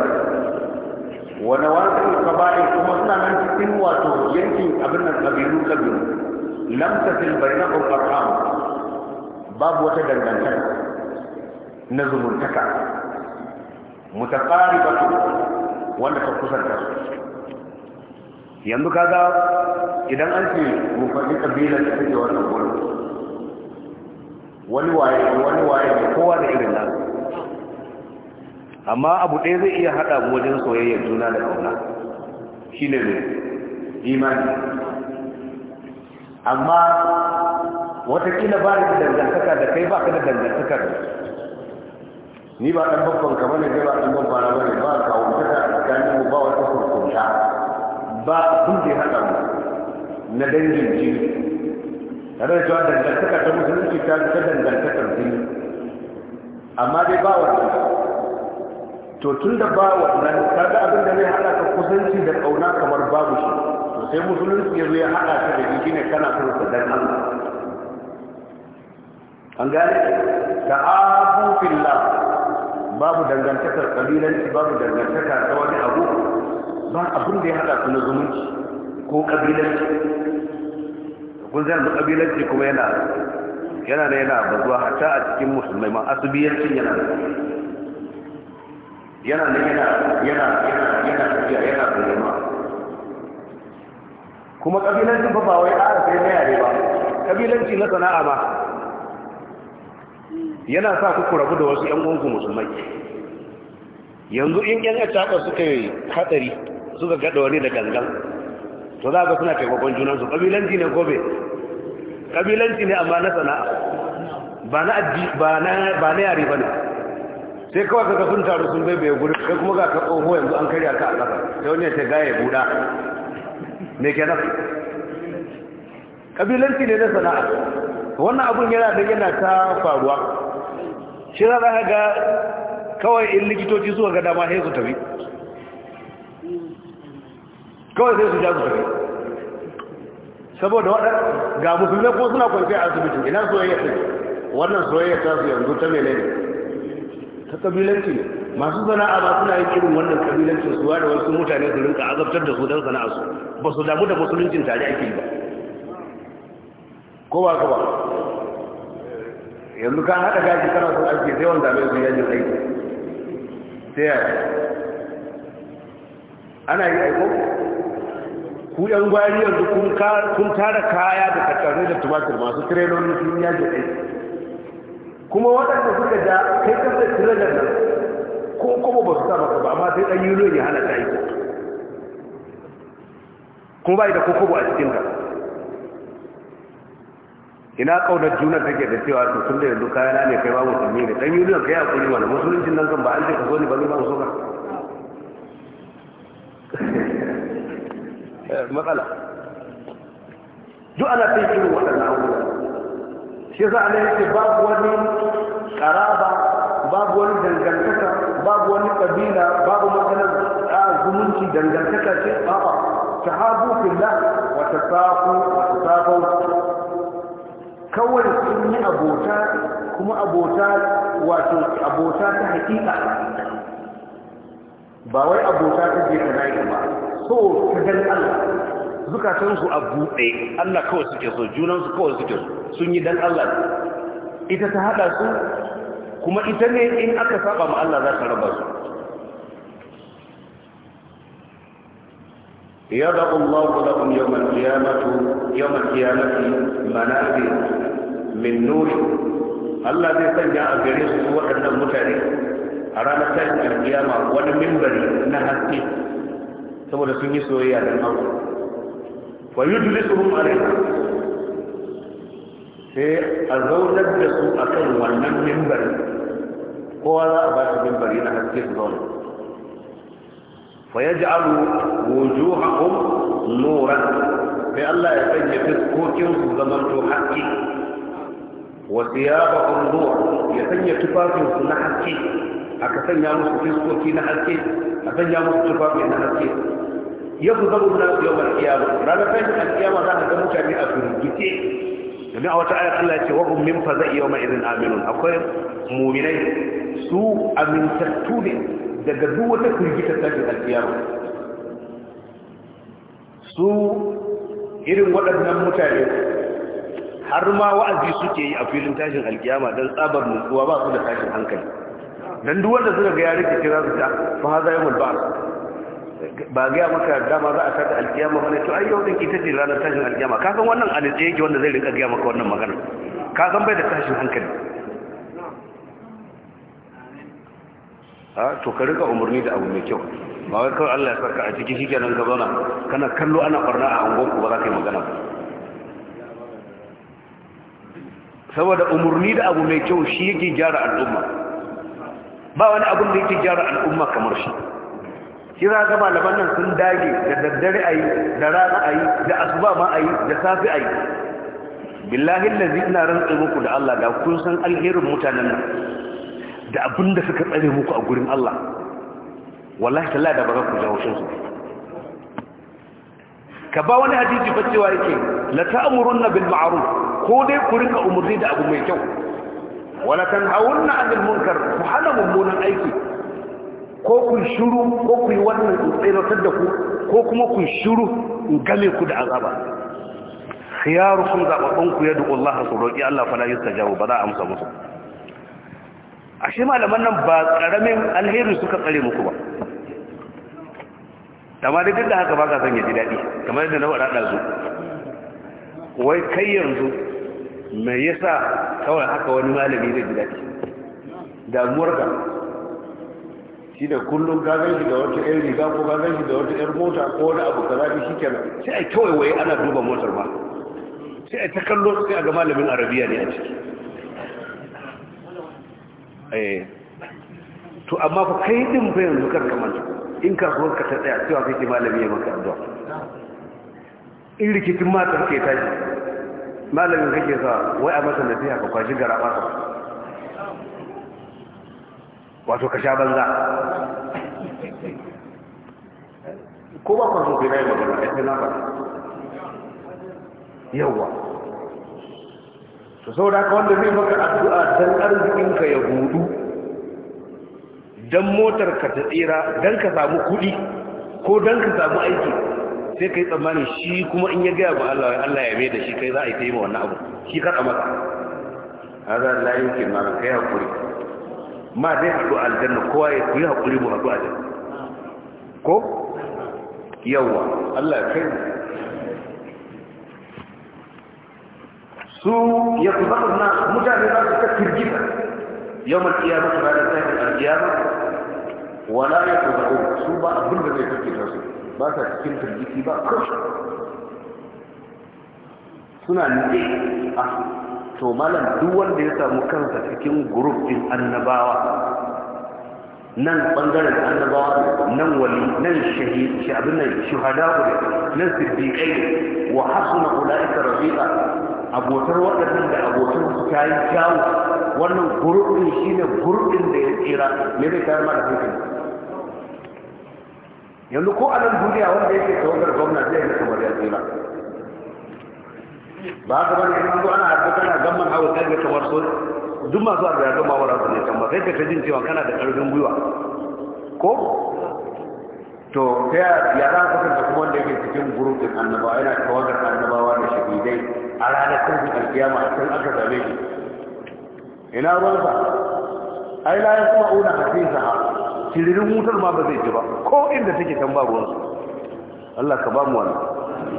wani wasu kaba'i kuma suna nan wato yankin abin nan kabilu kabilu lam tasil bainahum arham babu wata dangantaka na zumuntaka mutaqaribatu wanda ta kusanta su yanzu kaga idan an ce rufaɗi ƙabilar da take wannan gurin wani waye wani waye ne kowa da irin nan amma abu ɗaya zai iya haɗa mu wajen soyayyar juna da ƙauna shine ne imani amma watakila ba da dangantaka da kai ba ka da dangantaka da ni ba ɗan babban kamar ne ba ɗan babban ba ne ba kawo ta tsakanin mu ba wata kurkunta ba abin da ya haɗa mu na dangin jini tare da cewa dangantaka ta musulunci ta ta dangantakar jini amma dai ba wannan to tun da ba wannan kaga abin da zai haɗa ka kusanci da ƙauna kamar babu shi to sai musulunci ya zo ya haɗa ka da jiki ne kana son ka dan Allah an gane ta'abu fillah babu dangantakar kabilanci babu dangantaka ta wani abu ba abin da ya haɗa su na zumunci ko ƙabilanci kun zai yanzu ƙabilanci kuma yana yana da yana bazuwa hata a cikin musulmai ma asubiyancin yana da yana da yana yana yana tafiya yana bayyana kuma ƙabilancin ba bawai a ƙara sai na yare ba ƙabilanci na sana'a ba yana sa ku rabu da wasu 'yan uwanku musulmai yanzu in yan acaɓa suka yi hatsari suka gada wani da gangan to za ga suna taimakon junansu kabilanci ne gobe kabilanci ne amma na sana'a ba na yare ba ne sai kawai ka sun taru sun bai bai guri sai kuma ga ka tsoho yanzu an karya ka a ƙasa sai wani ya gaya buɗa me ke nasu kabilanci ne na sana'a wannan abun yana da yana ta faruwa shi za ka ga kawai in likitoci suka ga dama sai su tafi kawai sai su jazu su tafi saboda waɗanda ga musulmai ko suna kwanci a asibitin ina soyayya ta wannan soyayya ta su yanzu ta menene ta kabilanci ne masu sana'a ba suna yin irin wannan kabilancin suwa da wasu mutane su rinka azabtar da su don sana'a su ba su damu da musuluncin tare ake yi ba ko ba ka ba yanzu ka haɗa gaji kana son aiki sai wanda mai su yanzu aiki sai yaya ana yi aiko ku yan gwari yanzu kun tara kaya da takarrai da tumatir masu trenonin sun yaji ɗai kuma waɗanda suka ja kai kasa tirenon nan ko kuma ba su sa maka ba amma sai ɗan yi ya hana ta aiki kuma yi da kokobo a cikin ka ina kaunar juna take da cewa su sun da yanzu kayana ne kai ba musulmi ne dan yuniyan kai kuri wani musuluncin nan kan ba an ce ka zo ne ba ne ba so ba. Eh, matsala duk ana sai irin waɗannan abubuwa shi za a yake babu wani ƙaraba babu wani dangantaka babu wani ƙabila babu matsalar a zumunci dangantaka ce a'a sahabu fillah wa tasafu wa tasafu kawai sun yi abota kuma abota wato abota ta hakika ba wai abota ta je ka nayi ba so ta dan Allah zukatan su a buɗe Allah kawai suke so junan su kawai suke so sun yi dan Allah ita ta haɗa su kuma ita ne in aka saba ma Allah za ta raba su يضع الله لهم يوم القيامة يوم القيامة منابر من نور الله زي سنجا su waɗannan mutane. a ranar tashin alkiyama wani mimbari na haske saboda sun yi soyayya don aure wa yudlisuhum alaiha sai a zaunar da su akan wannan mimbari kowa za a ba su mimbari na haske su zauna fa yaj'alu wujuhahum nuran sai Allah ya sanya fiskokin su zaman to haske wa thiyabahum nur ya sanya tufafin su na haske aka sanya musu fiskoki na haske a sanya musu tufafi na haske ya fi zama na su yawon kiyama ranar tashin alkiyama za a ga mutane a firgice domin a wata ayar Allah ce wahum min fa zai yawma idin aminun akwai muminai su amintattu ne daga duk wata firgitar tashin alkiyama su irin waɗannan mutane har ma wa'azi suke yi a filin tashin alkiyama don tsabar nutsuwa ba su da tashin hankali dan duk wanda suka ga ya rike kira su ta fa haza yawmul ba'th ba ga maka ma za a tada alkiyama bane to ayyau din ita ji ranar tashin alkiyama ka san wannan alice yake wanda zai rika ga maka wannan magana ka san bai da tashin hankali a to ka rika umarni da abu mai kyau ba wai kawai Allah ya sarka a ciki shikenan ka zauna kana kallo ana barna a angon ku ba za ka yi magana ba saboda umarni da abu mai kyau shi yake gyara al'umma ba wani abin da yake gyara al'umma kamar shi shi za ga malaman nan sun dage da daddare ayi da rana ayi da asuba ma ayi da safi ayi billahi allazi ina rantsa muku da Allah da kun san alherin mutanen nan da abin da suka tsare muku a gurin Allah wallahi tallahi da ba ku wucin su ka ba wani hadisi ba cewa yake la ta'muruna bil ma'ruf ko dai ku rinka umurni da abu mai kyau wala tanhawunna 'anil munkar ku hana mummunan aiki ko kun shiru ko ku yi wannan tsiratar da ku ko kuma kun shiru in game ku da azaba khiyarukum zababban ku yadu Allah su roki Allah fala yustajabu ba za a amsa musu ashe malaman nan ba karamin alheri suka tsare muku ba dai duk da haka ba ka son ya ji daɗi kamar yadda na waɗa zu, wai kai yanzu mai yasa kawai haka wani malami zai gida ce damuwar ka shi da kullum ka shi da wata yan riga ko ka shi da wata yan mota ko wani abu ka zafi shi kenan sai a kawai waye ana duba motar ma sai a ta kallo sai a ga malamin arabiya ne a ciki eh. to amma fa kai din fa yanzu karka manta in kasuwar ka ta tsaya cewa kake malami ya maka addu'a in rikicin matar ke tashi malamin kake sa wai a masa nasiha ka kwashi gara masa wato ka sha banza ko ba kwanso kai na yi magana a yi na faɗa yawwa to sau da wanda zai maka addu'a don arzikinka ya hudu don motar ka ta tsira don ka samu kuɗi ko don ka samu aiki sai kai tsammani shi kuma in ya gaya ba Allah ya Allah ya mai da shi kai za a yi ta yi ma wannan abu shi kar a maka haza la yake ma kai haƙuri. ma dai haɗu aljanna kowa ya kuyi haƙuri mu haɗu aljanna ko Yawwa, Allah ya kai su ya kuzaɓar na mutane za su ta firgita yau mai kiyama su ranar tsayin alkiyama wala ya kuzaɓar su ba abin da zai firgita su ba sa cikin firgiti ba kusa suna nufi a to malam duk wanda ya samu kansa cikin group din annabawa nan bangaren annabawa nan wali nan shahi shi abin nan shuhada ne nan siddiqai wa hasuna ulaika rafiqa abotar waɗannan da abotar su yi kyawu wannan shi shine gurbin da ya tsira me bai kayar ma da yanzu ko a nan duniya wanda yake tawagar gwamna zai yi kamar ya tsira ba ka bane yanzu zo ana haɗu kana gamman hawa kai ga kamar so duk masu abu ya gama wara su ne kan ba sai ka jin cewa kana da ƙarfin gwiwa ko to ta ya za ka kasance kuma wanda yake cikin gurbin annabawa yana tawagar annabawa da shahidai a ranar kafin alkiyama a can aka zame shi ina ruwansa ai la yasma'una ha tiririn wutar ma ba zai ji ba ko inda take kan ba ruwansu Allah ka ba mu wani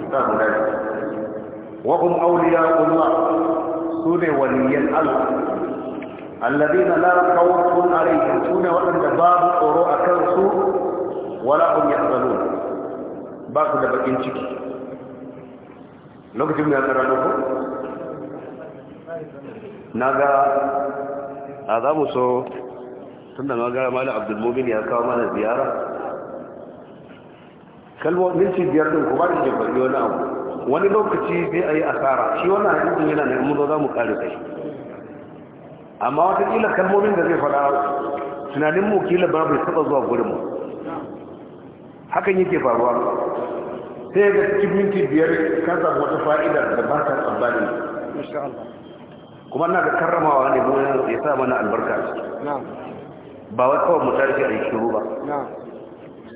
ta mu dai wa hum su sune waliyan Allah alladheena la khawfun 'alayhim sune waɗanda babu tsoro akan su wala hum yahzanun ba su da bakin ciki lokacin da ya tsara ko naga a za mu so tunda ma gara malam abdulmumin ya kawo mana ziyara kalmomin ci biyar din kuma da faɗi wani abu wani lokaci sai a yi asara shi wannan hadisin yana nan mun za mu kare kai amma watakila kalmomin da zai fara tunanin mu kila ba bai taɓa zuwa gurin mu hakan yake faruwa sai ga cikin minti biyar kansa samu wata fa'idar da ba ta tsammani kuma na ga karramawa ne ya sa mana albarka na'am ba wai kawai mu tarfi a shiru ba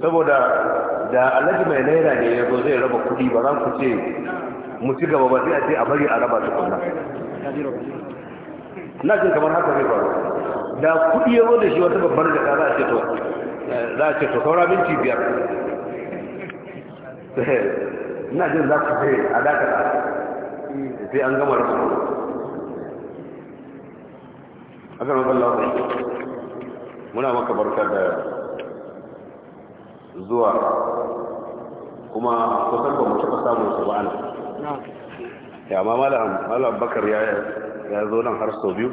saboda da alhaji mai naira ne ya zo zai raba kuɗi ba za ku ce mu ci gaba ba sai a ce a bari a raba tukunna na jin kamar haka zai faru da kuɗi ya zo da shi wata babbar jaka za a ce to eh, za a ce to saura minti biyar eh, na jin za ku sai a da sai an gama rasu a gama ballawa muna maka barka da zuwa kuma kusan ba mu taɓa samun su ba ana ya ma malam bakar ya zo nan har sau biyu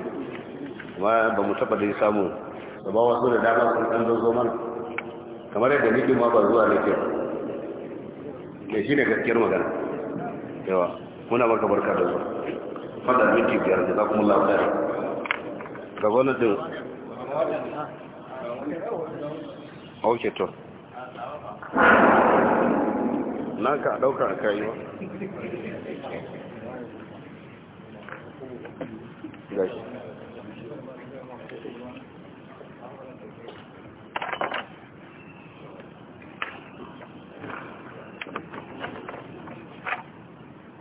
amma ba mu taɓa dai samu da ba wasu da dama sun ɗan zo mana kamar yadda niki ma ba zuwa nake ke shi ne gaskiyar magana yawa muna maka barka da zuwa fadar minti biyar da za kuma lafiya ga gwamnatin ok na ka dauka ka yi wa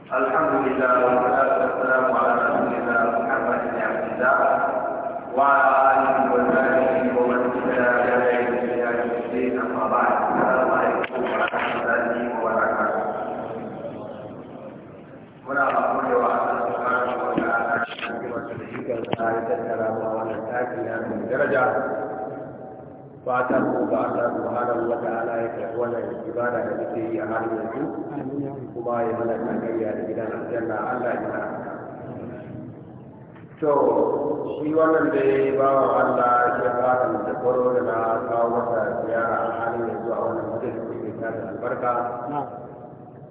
Alhamdulillah wa salatu wa salam ala rasulillah Muhammadin ya'dza wa ومن اهتدى بهديه الى يوم الدين اما بعد السلام عليكم ورحمه الله وبركاته. muna gode wa Allah subhanahu wa ta'ala da wasu cikin tsari da karama wannan taki na mai daraja fatan mu ga Allah subhanahu wa ta'ala ya karɓi wannan ibada da muke yi a halin yanzu kuma ya mana takariya da gidan aljanna Allah ya mana to shi wannan da ya yi bawan Allah ya fata da kwaro da na kawo masa ziyara a halin yanzu a wannan wajen da ke ta da albarka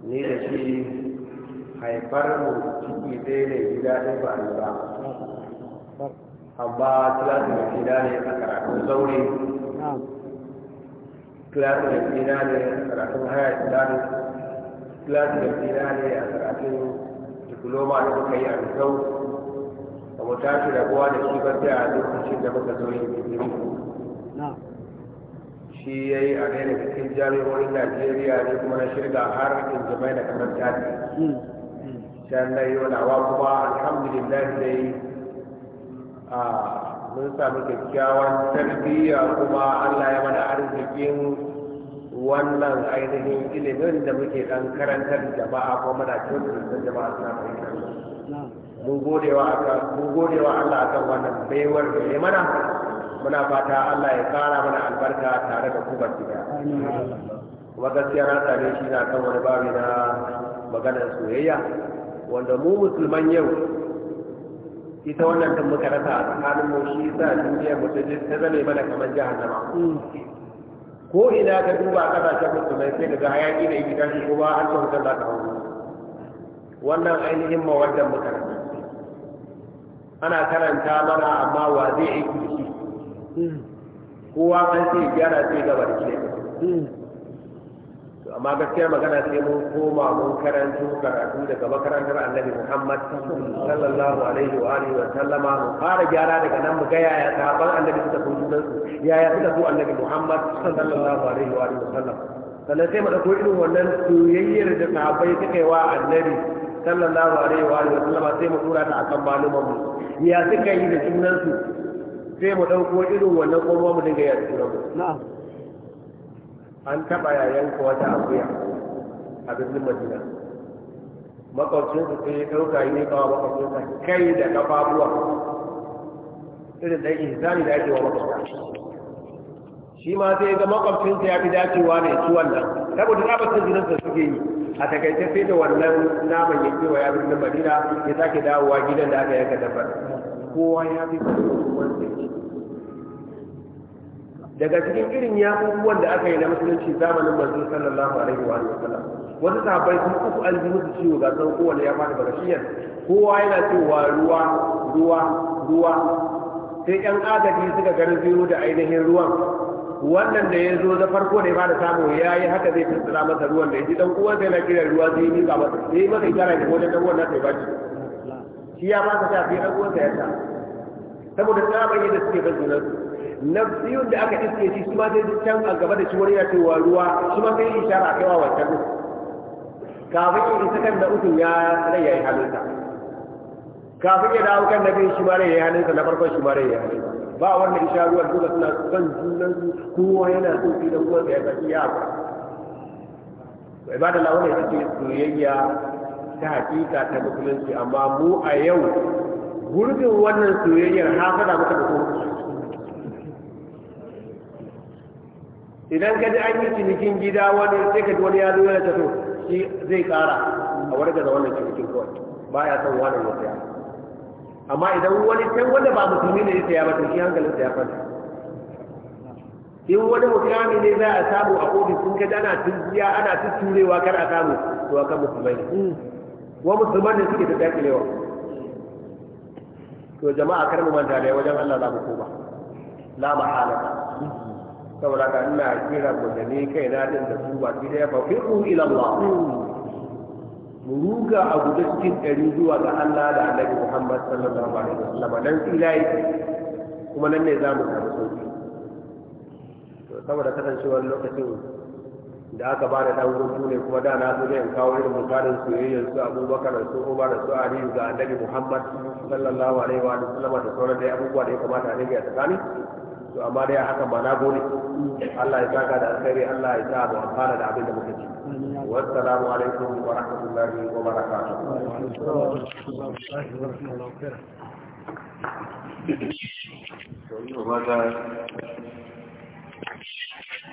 ni da shi haifar mu ciki ɗaya ne gida ɗaya ba a ba amma kilasin da gida ne a karatun zaure kilasin da gida ne a karatun haya islamic kilasin da gida ne a karatun diploma da muka yi a misau mu tashi rabuwa da shi ba sai a lokacin da muka zo yin digiri shi ya yi a ɗaya daga cikin jami'o'in najeriya ne kuma na shirga har in jama'i da kamar tafi hmm. can na yi wadawa kuma alhamdulillah dai a mun sami kyakkyawan tarbiyya kuma allah ya mana arzikin wannan ainihin ilimin da muke ɗan karantar jama'a kuma muna kyautata jama'a suna fahimtar mun godewa akan mun Allah akan wannan baiwar da ya mana muna fata Allah ya kara mana albarka tare da ku baki daya kuma gaskiya na same shi na kan wani babu na maganar soyayya wanda mu musulman yau ita wannan tun muka rasa a tsakanin mu shi sa duniyar mu ta zame mana kamar jahannama ko ina ka duba kasashen musulmai sai daga hayaki da yi tashi ko ba an ta wutar za ta hau wannan ainihin mawaddan muka ana karanta mana amma wa zai aiki da shi kowa an ce gyara sai ga da shi amma gaskiya magana sai mun koma mun karanta karatu daga makarantar annabi Muhammad sallallahu alaihi wa alihi wa sallama mu fara gyara daga nan mu ga yaya sahabban annabi suka so junan su yaya suka so annabi Muhammad sallallahu alaihi wa alihi wa sallam sannan sai mu dauko irin wannan soyayyar da sahabbai suka yi wa annabi sallallahu alaihi wa alihi wa sallama sai mu tura ta akan malumanmu ya suka yi da sunansu sai mu ɗauko irin wannan kuma mu dinga yadda mu. an taɓa yayan wata akuya a birnin madina makwabcin su sai ya ɗauka yi ne kawo sa kai da kafafuwa irin da ihsani da ake wa makwabta shi ma sai ga makwabcinsa ya fi dacewa ne ci wannan saboda na basu jininsa suke yi a takaice sai da wannan naman ya kewa ya birnin madina ya sake dawowa gidan da aka yanka dabbar kowa ya fi daga cikin irin yakubuwan da aka yi na musulunci zamanin manzo sallallahu alaihi wa sallam wasu sahabbai sun uku an ji musu ciwo ga san kowanne ya fada barashiyar kowa yana cewa ruwa ruwa ruwa sai yan agaji suka gani biyu da ainihin ruwan wannan da ya zo da farko da ya bada samu ya yi haka zai tuntsula masa ruwan da ya ji dan uwan sai na kira ruwa sai yi ga masa sai masa ikara da wajen dan uwan sai baci shi ya ba ka sha sai dan uwan sa ya ta saboda tsaban yadda suke ban junan su biyu da aka iske shi su ma sai can a gaba da shi wani ya ce wa ruwa su ma sai ishara kaiwa wancan kafin ya isa kan da ukun ya rai ya yi halinsa kafin ya dawo kan na biyu shi ma rai ya yi halinsa na farkon shi ma rai ya yi halinsa ba wanda isha ruwan duka suna son junan su kowa yana so fi da kuma ya zaki ya ba ba ba da wannan ita ce soyayya ta hakika ta musulunci amma mu a yau gurbin wannan soyayyar fada maka da kuma idan ka ji an yi cinikin gida wani sai ka ji wani ya zo yana tafi shi zai kara a warga da wannan cinikin kawai ya son wani ya tsaya amma idan wani can wanda ba musulmi ne ya saya ba to hankalin hankalin ya fara in wani musulmi ne za a samu a ofis sun kaji ana tunjiya ana tutturewa kar a samu to aka musulmai ne hmm. wa musulman ne suke ta dakilewa to jama'a kar mu manta da wajen Allah za mu koma la mahala saboda ka ina kira mu da ni kaina din da su ba ki da ya fa fiqu ila Allah hmm. mu ruga a guda cikin ɗari zuwa ga Allah da Annabi Muhammad sallallahu alaihi wasallam dan ilahi kuma nan ne za mu samu sauki to saboda kasancewar lokacin da aka ba da dan hutu ne kuma da na so in kawo irin misalin soyayyar su Abubakar da su Umar da su Ali ga Annabi Muhammad sallallahu alaihi wa sallam da sauran dai abubuwa da ya kamata a rage a tsakani to amma dai haka ba na gode Allah ya saka da alkhairi Allah ya sa mu amfana da abin da muke ci والسلام عليكم ورحمة الله وبركاته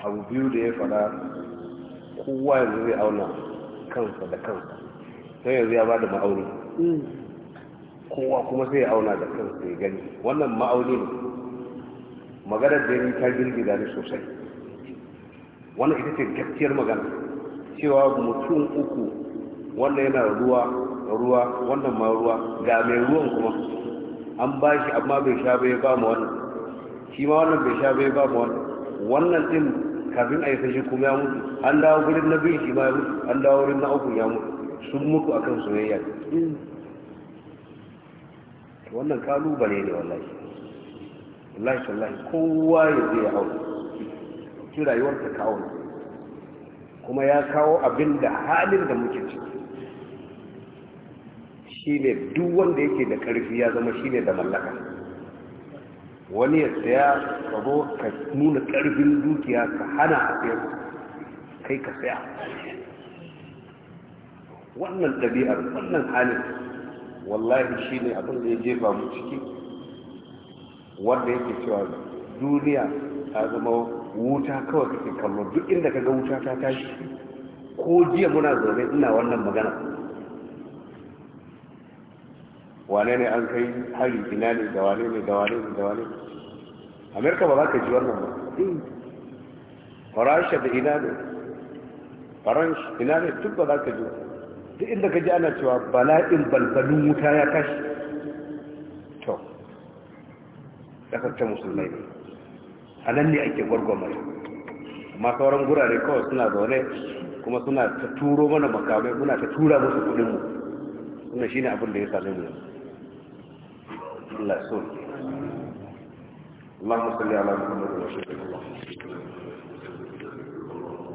abu biyu da ya fada kowa yanzu zai auna kansa da kansa sai yanzu ya ba da ma'auni kowa kuma sai ya auna da kansa ya gani wannan ma'auni ne maganar da ya ta girgida ne sosai wannan ita ce gaskiyar magana cewa mutum uku wanda yana ruwa ruwa wannan ma ruwa ga mai ruwan kuma an ba shi amma bai sha bai ba mu wannan shi ma wannan bai sha bai ba mu wannan wannan din kafin a yi sashi kuma ya mutu an dawo gurin na biyu shi ma ya mutu an dawo gurin na uku ya mutu sun mutu akan soyayya wannan kalubale ne wallahi wallahi wallahi kowa ya zai hau ki rayuwarka ka auna kuma ya kawo abin da halin da muke ciki shi ne duk wanda yake da karfi ya zama shi ne da mallaka wani ya saya ka ka nuna karfin dukiya ka hana a sayar kai ka saya wannan ɗabi'ar wannan halin wallahi shi ne abin da ya jefa mu ciki wanda yake cewa duniya ta zama wuta kawai kake kallo duk inda ka ga wuta ta tashi ko jiya muna zaune ina wannan magana wane ne an kai hari ina ne da wane ne da wane ne da wane amerika ba za ka ji wannan ba farasha da ina ne faranshi ina ne duk ba za ka ji duk inda ka ji ana cewa bala'in balbalin wuta ya tashi to ƙasar ta musulmai ne a nan ne ake gwargwamar amma sauran gurare kawai suna zaune kuma suna ta turo mana makamai muna ta tura musu kudinmu suna suna ne abin da ya sami mu Allah so Allahumma salli ala Muhammad wa sallam